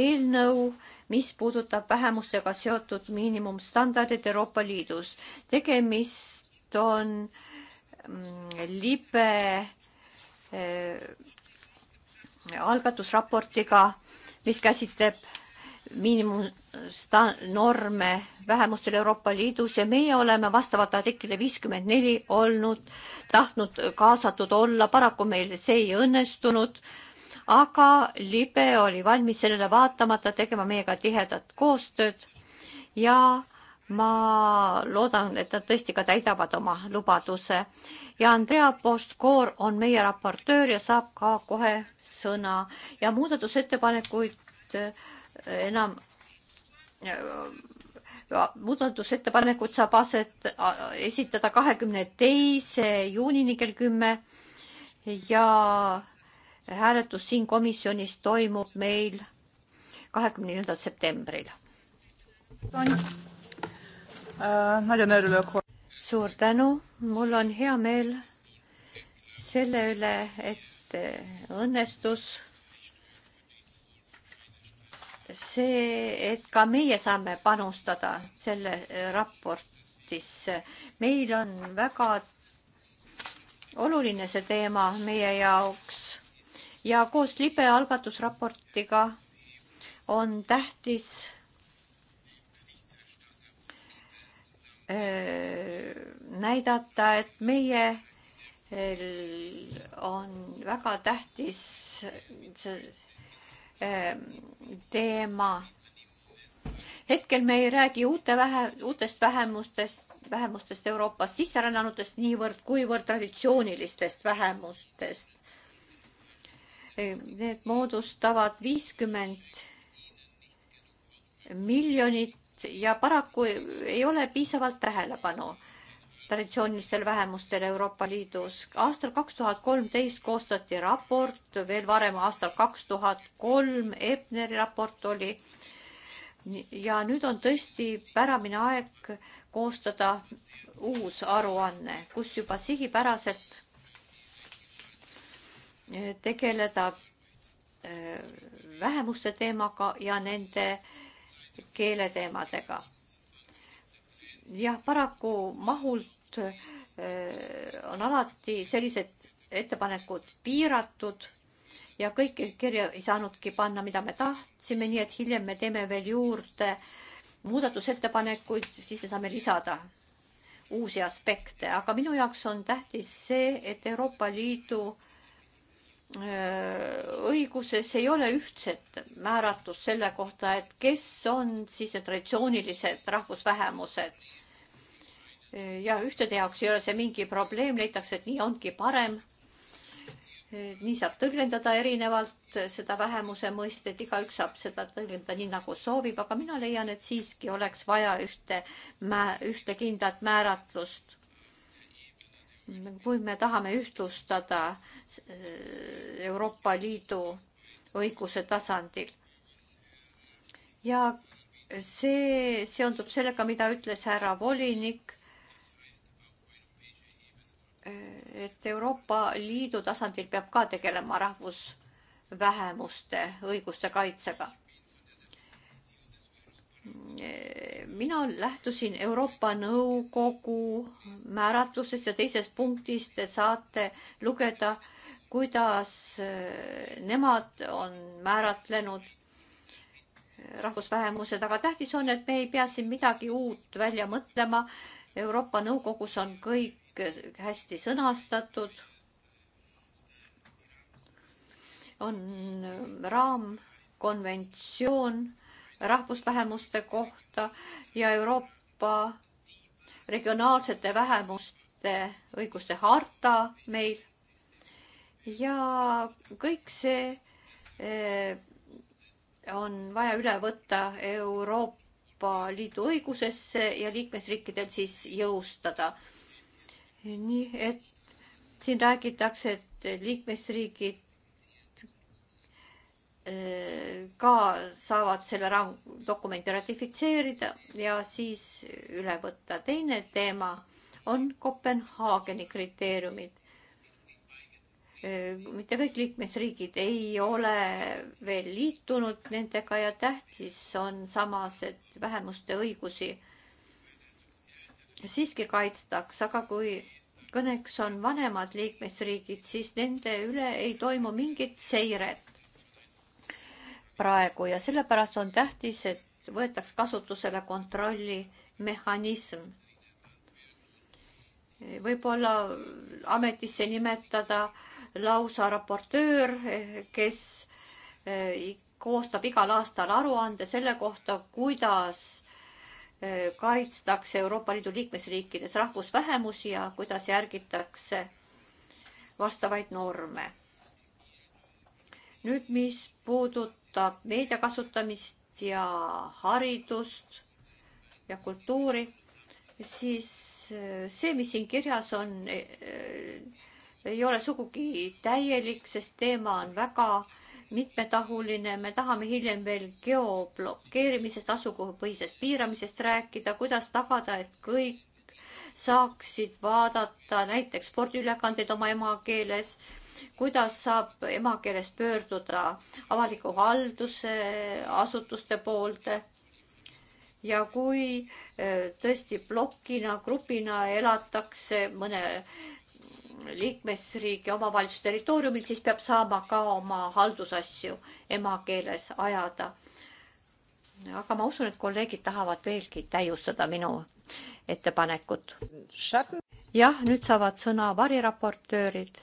eelnõu, mis puudutab vähemustega seotud miinimumstandardid Euroopa Liidus. tegemist on mm, libe äh, algatusraportiga mis käsitleb miinimumnorme vähemustel Euroopa Liidus ja meie oleme vastavalt artiklile viiskümmend neli olnud, tahtnud kaasatud olla, paraku meil see ei õnnestunud. aga libe oli valmis sellele vaatamata tegema meiega tihedat koostööd ja ma loodan, et nad tõesti ka täidavad oma lubaduse ja Andrea Postkoor on meie raportöör ja saab ka kohe sõna ja muudatusettepanekuid eh, enam eh, muudatusettepanekud saab aset esitada kahekümne teise juunini kell kümme ja hääletus siin komisjonis toimub meil kahekümne neljandal septembril. Äh, suur tänu, mul on hea meel selle üle, et äh, õnnestus see, et ka meie saame panustada selle äh, raportisse. meil on väga oluline see teema meie jaoks ja koos libe algatusraportiga on tähtis Äh, näidata, et meie äh, on väga tähtis ähm, teema. hetkel me ei räägi uute vähe, uutest vähemustest, vähemustest Euroopas sisserännanutest niivõrd, kuivõrd traditsioonilistest vähemustest. Äh, need moodustavad viiskümmend miljonit ja paraku ei ole piisavalt tähelepanu traditsioonilistel vähemustel Euroopa Liidus. aastal kaks tuhat kolmteist koostati raport, veel varem aastal kaks tuhat kolm Ebneri raport oli. ja nüüd on tõesti päramine aeg koostada uus aruanne, kus juba sihipäraselt eh, tegeleda eh, vähemuste teemaga ja nende äh, keeleteemadega. jah, paraku mahult äh, on alati sellised ettepanekud piiratud ja kõiki kirja ei saanudki panna, mida me tahtsime, nii et hiljem me teeme veel juurde muudatusettepanekuid, siis me saame lisada uusi aspekte, aga minu jaoks on tähtis see, et Euroopa Liidu Äh, õiguses ei ole ühtset määratlust selle kohta, et kes on siis need traditsioonilised rahvusvähemused. Äh, ja ühtede jaoks ei ole see mingi probleem, leitakse, et nii ongi parem. Äh, nii saab tõlgendada erinevalt seda vähemuse mõistet, igaüks saab seda tõlgendada nii nagu soovib, aga mina leian, et siiski oleks vaja ühte, ühte kindlat määratlust kui me tahame ühtlustada äh, Euroopa Liidu õiguse tasandil. ja see seondub sellega, mida ütles härra volinik, äh, et Euroopa Liidu tasandil peab ka tegelema rahvusvähemuste õiguste kaitsega mina lähtusin Euroopa Nõukogu määratlusest ja teisest punktist te saate lugeda, kuidas äh, nemad on määratlenud äh, rahvusvähemused, aga tähtis on, et me ei pea siin midagi uut välja mõtlema. Euroopa Nõukogus on kõik äh, hästi sõnastatud. on raamkonventsioon rahvusvähemuste kohta ja Euroopa regionaalsete vähemuste õiguste harta meil. ja kõik see eh, on vaja üle võtta Euroopa Liidu õigusesse ja liikmesriikidel siis jõustada. nii et siin räägitakse, et liikmesriigid ka saavad selle raamdokumendi ratifitseerida ja siis üle võtta. teine teema on Kopenhaageni kriteeriumid. mitte kõik liikmesriigid ei ole veel liitunud nendega ja tähtis on samas, et vähemuste õigusi siiski kaitstaks, aga kui kõneks on vanemad liikmesriigid, siis nende üle ei toimu mingit seiret praegu ja sellepärast on tähtis, et võetaks kasutusele kontrollimehhanism. võib-olla ametisse nimetada lausa raportöör, kes eh, koostab igal aastal aruande selle kohta, kuidas eh, kaitstakse Euroopa Liidu liikmesriikides rahvusvähemusi ja kuidas järgitakse vastavaid norme. nüüd, mis puudutab puudutab meedia kasutamist ja haridust ja kultuuri, siis äh, see, mis siin kirjas on, äh, äh, ei ole sugugi täielik, sest teema on väga mitmetahuline, me tahame hiljem veel geoblokeerimisest, asukohapõhisest piiramisest rääkida, kuidas tagada, et kõik saaksid vaadata näiteks spordiülekandeid oma emakeeles kuidas saab emakeeles pöörduda avaliku halduse asutuste poolde. ja kui äh, tõesti plokina, grupina elatakse mõne liikmesriigi omavalitsuse territooriumil, siis peab saama ka oma haldusasju emakeeles ajada. aga ma usun, et kolleegid tahavad veelgi täiustada minu ettepanekut. jah, nüüd saavad sõna variraportöörid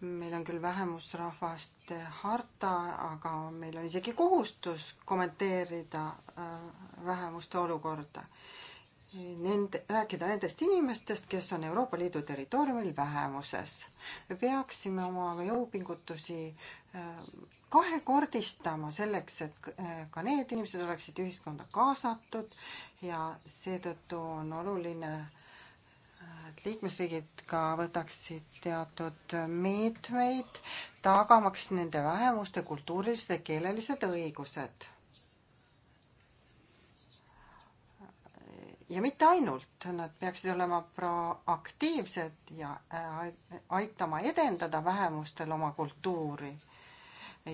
meil on küll vähemusrahvaste harta, aga meil on isegi kohustus kommenteerida äh, vähemuste olukorda. Nende, rääkida nendest inimestest, kes on Euroopa Liidu territooriumil vähemuses. me peaksime oma jõupingutusi äh, kahekordistama selleks, et äh, ka need inimesed oleksid ühiskonda kaasatud ja seetõttu on oluline et liikmesriigid ka võtaksid teatud meetmeid, tagamaks nende vähemuste kultuurilised ja keelelised õigused. ja mitte ainult, nad peaksid olema proaktiivsed ja aitama edendada vähemustel oma kultuuri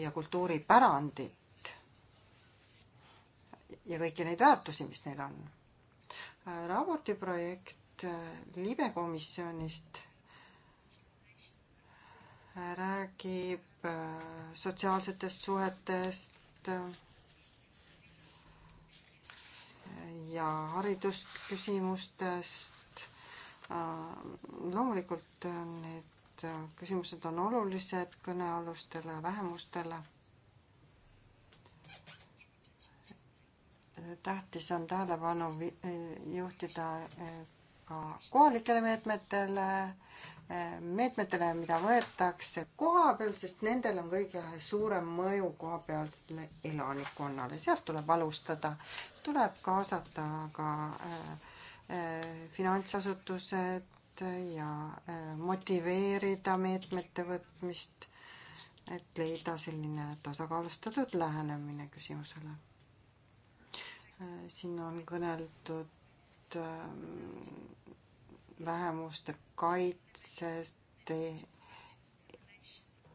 ja kultuuripärandit ja kõiki neid väärtusi, mis neil on. raporti projekt Äh, libekomisjonist äh, räägib äh, sotsiaalsetest suhetest ja haridusküsimustest. loomulikult need küsimused on olulised kõnealustele vähemustele tähtis on tähelepanu juhtida ka kohalikele meetmetele, meetmetele, mida võetakse koha peal, sest nendel on kõige suurem mõju kohapealsele elanikkonnale, sealt tuleb alustada, tuleb kaasata ka äh, äh, finantsasutused ja äh, motiveerida meetmete võtmist, et leida selline tasakaalustatud lähenemine küsimusele äh, siin on kõneldud Ähm, vähemuste kaitsest,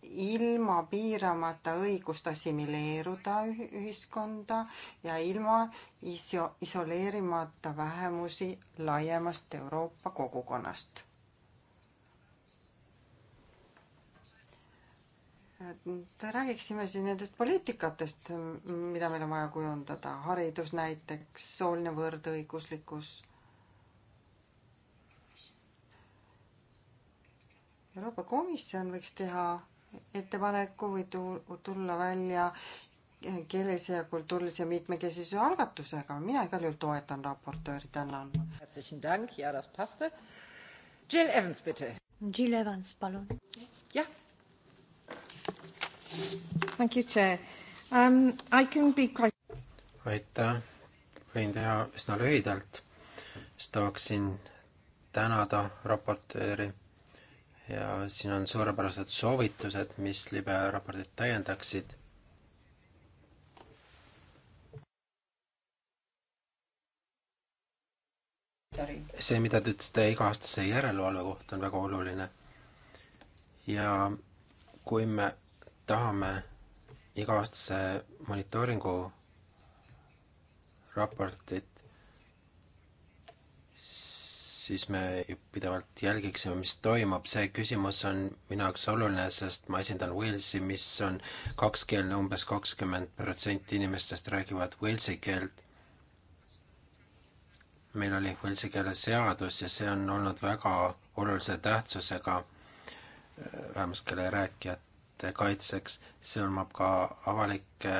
ilma piiramata õigust assimileeruda ühiskonda ja ilma iso-, isoleerimata vähemusi laiemast Euroopa kogukonnast. et räägiksime siis nendest poliitikatest, mida meil on vaja kujundada, haridus näiteks, sooline võrdõiguslikkus Euroopa Komisjon võiks teha ettepaneku või tulla välja keelelise ja kultuurilise mitmekesisuse algatusega. mina igal juhul toetan raportööri, tänan. Jill Evans, bitte. Jill Evans, palun. jah. Thank you, chair um,. I can be quite. aitäh, võin teha üsna lühidalt, sest tahaksin tänada raportööri ja siin on suurepärased soovitused, mis libe raportit täiendaksid. see, mida te ütlesite iga-aastase järelevalve kohta, on väga oluline. ja kui me tahame iga-aastase monitooringu raportit siis me pidevalt jälgiksime, mis toimub. see küsimus on minu jaoks oluline, sest ma esindan Walesi, mis on kakskeelne umbes, umbes kakskümmend protsenti inimestest räägivad Walesi keelt. meil oli Walesi keele seadus ja see on olnud väga olulise tähtsusega äh, vähemalt keele rääkijate kaitseks. see hõlmab ka avalikke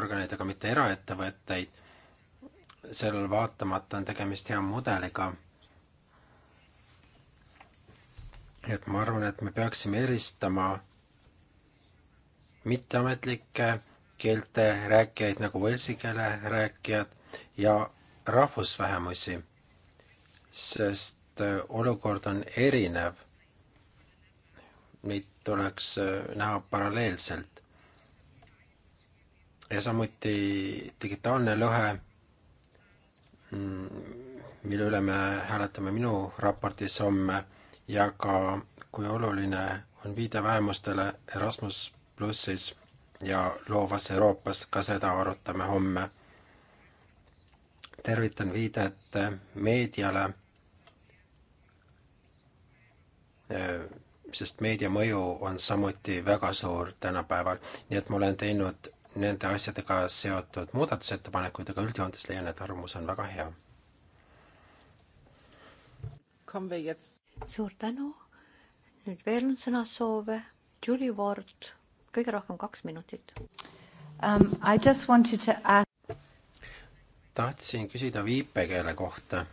organeid, aga mitte eraettevõtteid sellele vaatamata on tegemist hea mudeliga et ma arvan, et me peaksime eristama mitteametlikke keelte rääkijaid nagu võltsi keele rääkijad ja rahvusvähemusi, sest äh, olukord on erinev. Neid tuleks äh, näha paralleelselt. ja samuti digitaalne lõhe, mm, mille üle me hääletame minu raportis homme ja ka, kui oluline on viide vähemustele Erasmus plussis ja loovas Euroopas, ka seda arutame homme. tervitan viidet meediale, sest meedia mõju on samuti väga suur tänapäeval, nii et ma olen teinud nende asjadega seotud muudatusettepanekuid, aga üldjoontes leian, et arvamus on väga hea suur tänu. nüüd veel on sõnasoove. Julie Ward, kõige rohkem kaks minutit um,. I just wanted to ask tahtsin küsida viipekeele kohta.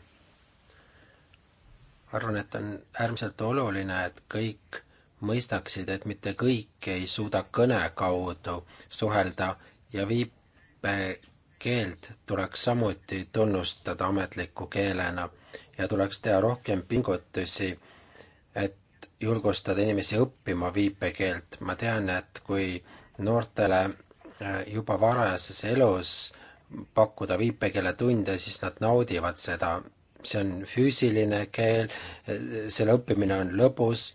arvan, et on äärmiselt oluline, et kõik mõistaksid, et mitte kõik ei suuda kõne kaudu suhelda ja viipe keelt tuleks samuti tunnustada ametliku keelena ja tuleks teha rohkem pingutusi, et julgustada inimesi õppima viipekeelt. ma tean, et kui noortele äh, juba varajases elus pakkuda viipekeeletunde, siis nad naudivad seda. see on füüsiline keel, äh, selle õppimine on lõbus,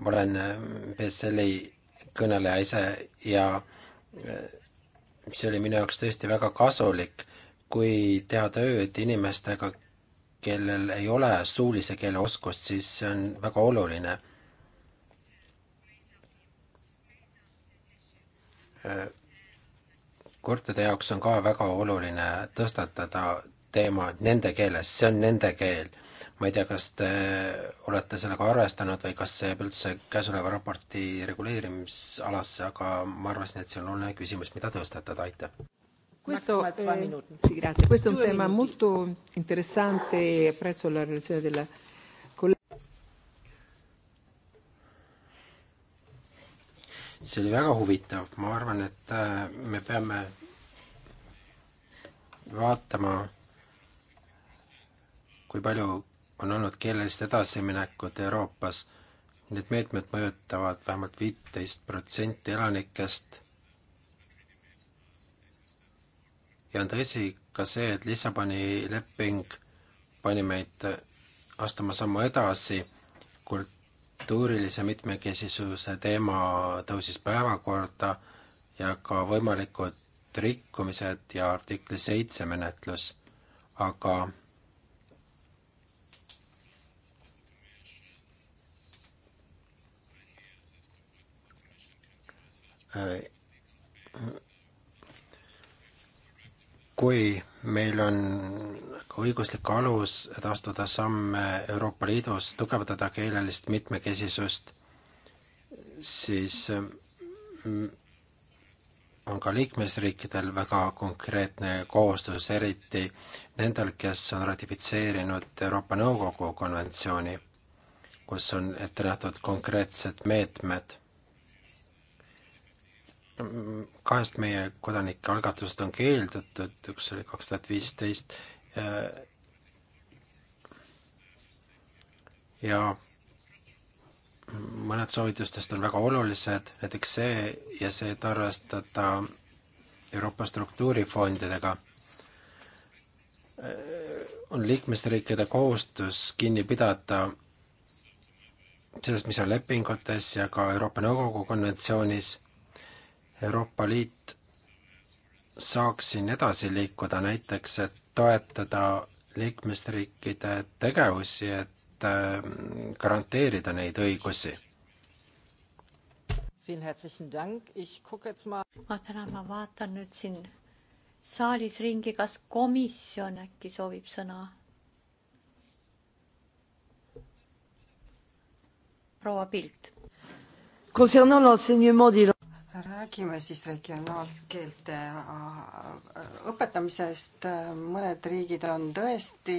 ma olen BSL-i äh, kõneleja ise ja mis oli minu jaoks tõesti väga kasulik, kui teha tööd inimestega, kellel ei ole suulise keele oskust, siis see on väga oluline. kurtide jaoks on ka väga oluline tõstatada teema nende keeles, see on nende keel ma ei tea, kas te olete sellega arvestanud või kas see jääb üldse käesoleva raporti reguleerimisalasse, aga ma arvasin, et see on oluline küsimus, mida tõstatada, aitäh. Questo, eh, sì, grazie. Questo è un tema molto interessante e apprezzo la relazione della collega. see oli väga huvitav, ma arvan, et äh, me peame vaatama, kui palju on olnud keelelist edasiminekut Euroopas. Need meetmed mõjutavad vähemalt viiteist protsenti elanikest. ja on tõsi ka see, et Lissaboni leping pani meid astuma sammu edasi, kultuurilise mitmekesisuse teema tõusis päevakorda ja ka võimalikud rikkumised ja artikli seitse menetlus, aga kui meil on ka nagu õiguslik alus, et astuda samme Euroopa Liidus, tugevdada keelelist mitmekesisust, siis mm, on ka liikmesriikidel väga konkreetne kohustus, eriti nendel, kes on ratifitseerinud Euroopa Nõukogu konventsiooni, kus on ette nähtud konkreetsed meetmed kahest meie kodanike algatusest on keeldutud, üks oli kaks tuhat viisteist ja mõned soovitustest on väga olulised, näiteks see ja see, et arvestada Euroopa struktuurifondidega. on liikmesriikide kohustus kinni pidada sellest, mis on lepingutes ja ka Euroopa Nõukogu konventsioonis Euroopa Liit saaks siin edasi liikuda, näiteks et toetada liikmesriikide tegevusi, et äh, garanteerida neid õigusi? ma tänan, ma vaatan nüüd siin saalis ringi, kas komisjon äkki soovib sõna? proua Pilt räägime siis regionaalkeelte äh, äh, õpetamisest, mõned riigid on tõesti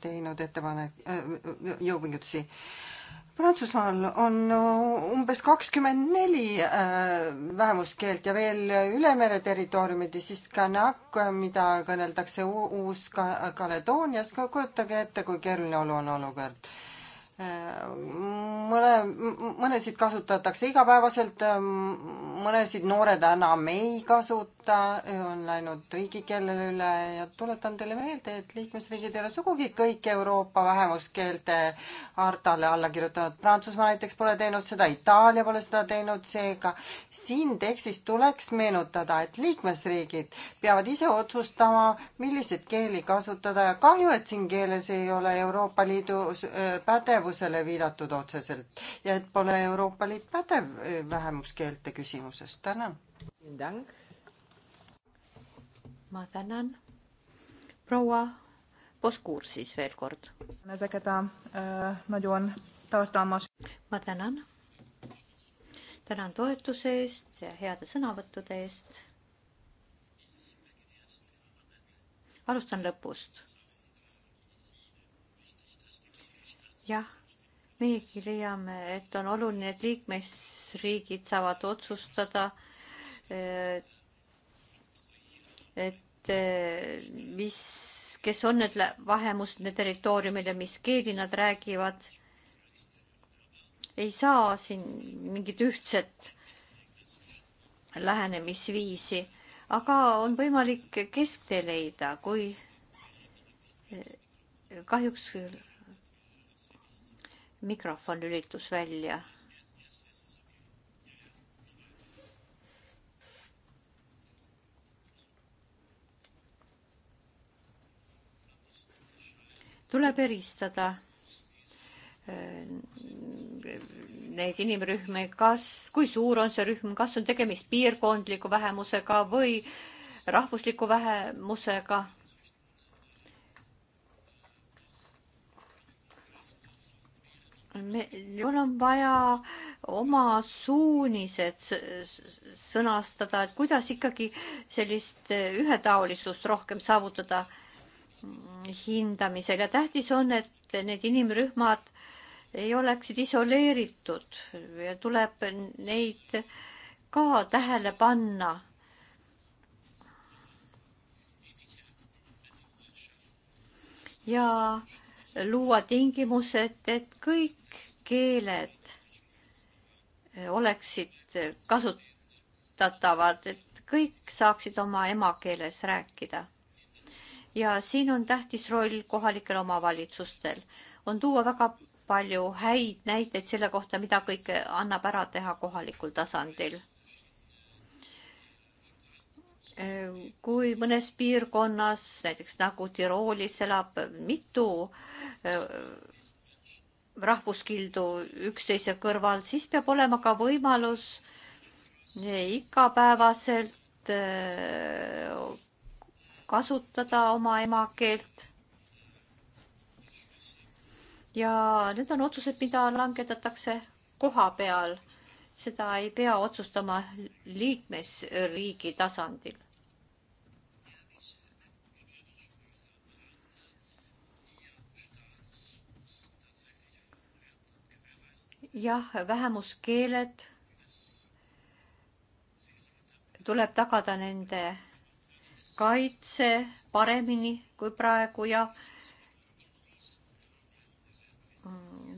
teinud ettepanek, äh, jõupingutusi. Prantsusmaal on umbes kakskümmend neli vähemuskeelt ja veel ülemere territooriumide siis kanak, mida kõneldakse Uus-Kaledoonias, kujutage ette, kui keeruline olu on olukord mõne, mõnesid kasutatakse igapäevaselt, mõnesid noored enam ei kasuta kohta äh, on läinud riigikeelele üle ja tuletan teile meelde, et liikmesriigid ei ole sugugi kõik Euroopa vähemuskeelte hartale alla kirjutanud. Prantsusmaa näiteks pole teinud seda, Itaalia pole seda teinud, seega siin tekstis tuleks meenutada, et liikmesriigid peavad ise otsustama, milliseid keeli kasutada ja kahju, et siin keeles ei ole Euroopa Liidu äh, pädevusele viidatud otseselt ja et pole Euroopa Liit pädev äh, vähemuskeelte küsimuses. tänan! Vielen Dank ma tänan. proua Poskuur siis veel kord. ma tänan. tänan toetuse eest ja heade sõnavõttude eest. alustan lõpust. jah, meiegi leiame, et on oluline, et liikmesriigid saavad otsustada et eh, mis, kes on need vähemuste territooriumil ja mis keeli nad räägivad. ei saa siin mingit ühtset lähenemisviisi, aga on võimalik kesktee leida, kui eh, kahjuks mikrofon lülitus välja tuleb eristada äh, neid inimrühmi, kas, kui suur on see rühm, kas on tegemist piirkondliku vähemusega või rahvusliku vähemusega. meil on vaja oma suunised sõnastada, et kuidas ikkagi sellist ühetaolisust rohkem saavutada hindamisel ja tähtis on, et need inimrühmad ei oleksid isoleeritud ja tuleb neid ka tähele panna. ja luua tingimused, et kõik keeled oleksid kasutatavad, et kõik saaksid oma emakeeles rääkida ja siin on tähtis roll kohalikel omavalitsustel. on tuua väga palju häid näiteid selle kohta, mida kõike annab ära teha kohalikul tasandil. kui mõnes piirkonnas, näiteks nagu Tiroolis elab mitu äh, rahvuskildu üksteise kõrval, siis peab olema ka võimalus eh, igapäevaselt äh, kasutada oma emakeelt. ja need on otsused, mida langetatakse koha peal. seda ei pea otsustama liikmesriigi tasandil. jah, vähemuskeeled tuleb tagada nende kaitse paremini kui praegu ja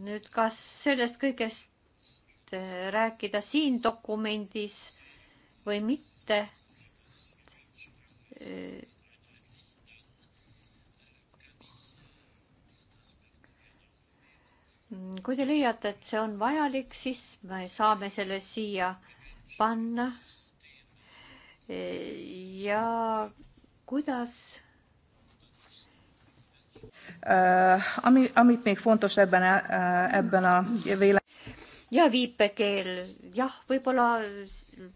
nüüd kas sellest kõigest eh, rääkida siin dokumendis või mitte. Eh, kui te leiate, et see on vajalik, siis me saame selle siia panna. Eh, ja kuidas äh, ami, amit még fontos ebben a, e, ebben a véle- ja viipekeel, jah, võib-olla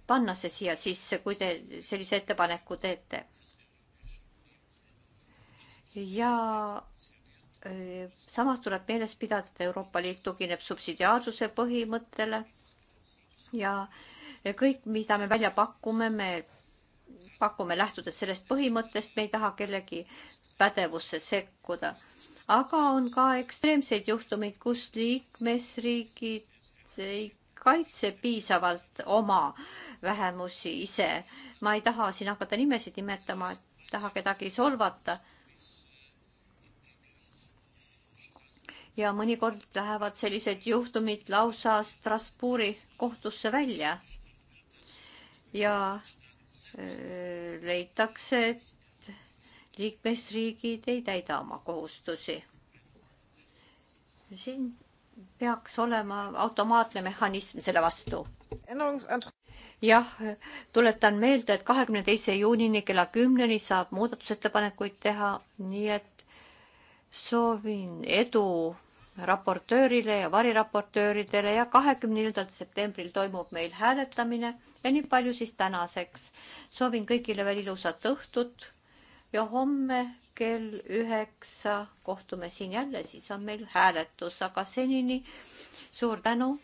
panna see siia sisse, kui te sellise ettepaneku teete. ja e, samas tuleb meeles pidada, et Euroopa Liit tugineb subsidiaarsuse põhimõttele ja e, kõik, mida me välja pakume, me pakume lähtudes sellest põhimõttest, me ei taha kellegi pädevusse sekkuda. aga on ka ekstreemseid juhtumeid, kus liikmesriigid ei kaitse piisavalt oma vähemusi ise. ma ei taha siin hakata nimesid nimetama, et taha kedagi solvata. ja mõnikord lähevad sellised juhtumid lausa Strasbourgi kohtusse välja. ja leitakse, et liikmesriigid ei täida oma kohustusi. siin peaks olema automaatne mehhanism selle vastu. jah, tuletan meelde, et kahekümne teise juunini kella kümneni saab muudatusettepanekuid teha, nii et soovin edu raportöörile ja variraportööridele ja kahekümne neljandal septembril toimub meil hääletamine ja nii palju siis tänaseks. soovin kõigile veel ilusat õhtut ja homme kell üheksa kohtume siin jälle, siis on meil hääletus, aga senini suur tänu,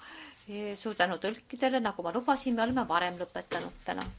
suur tänu tõlkidele, nagu ma lubasin, me oleme varem lõpetanud täna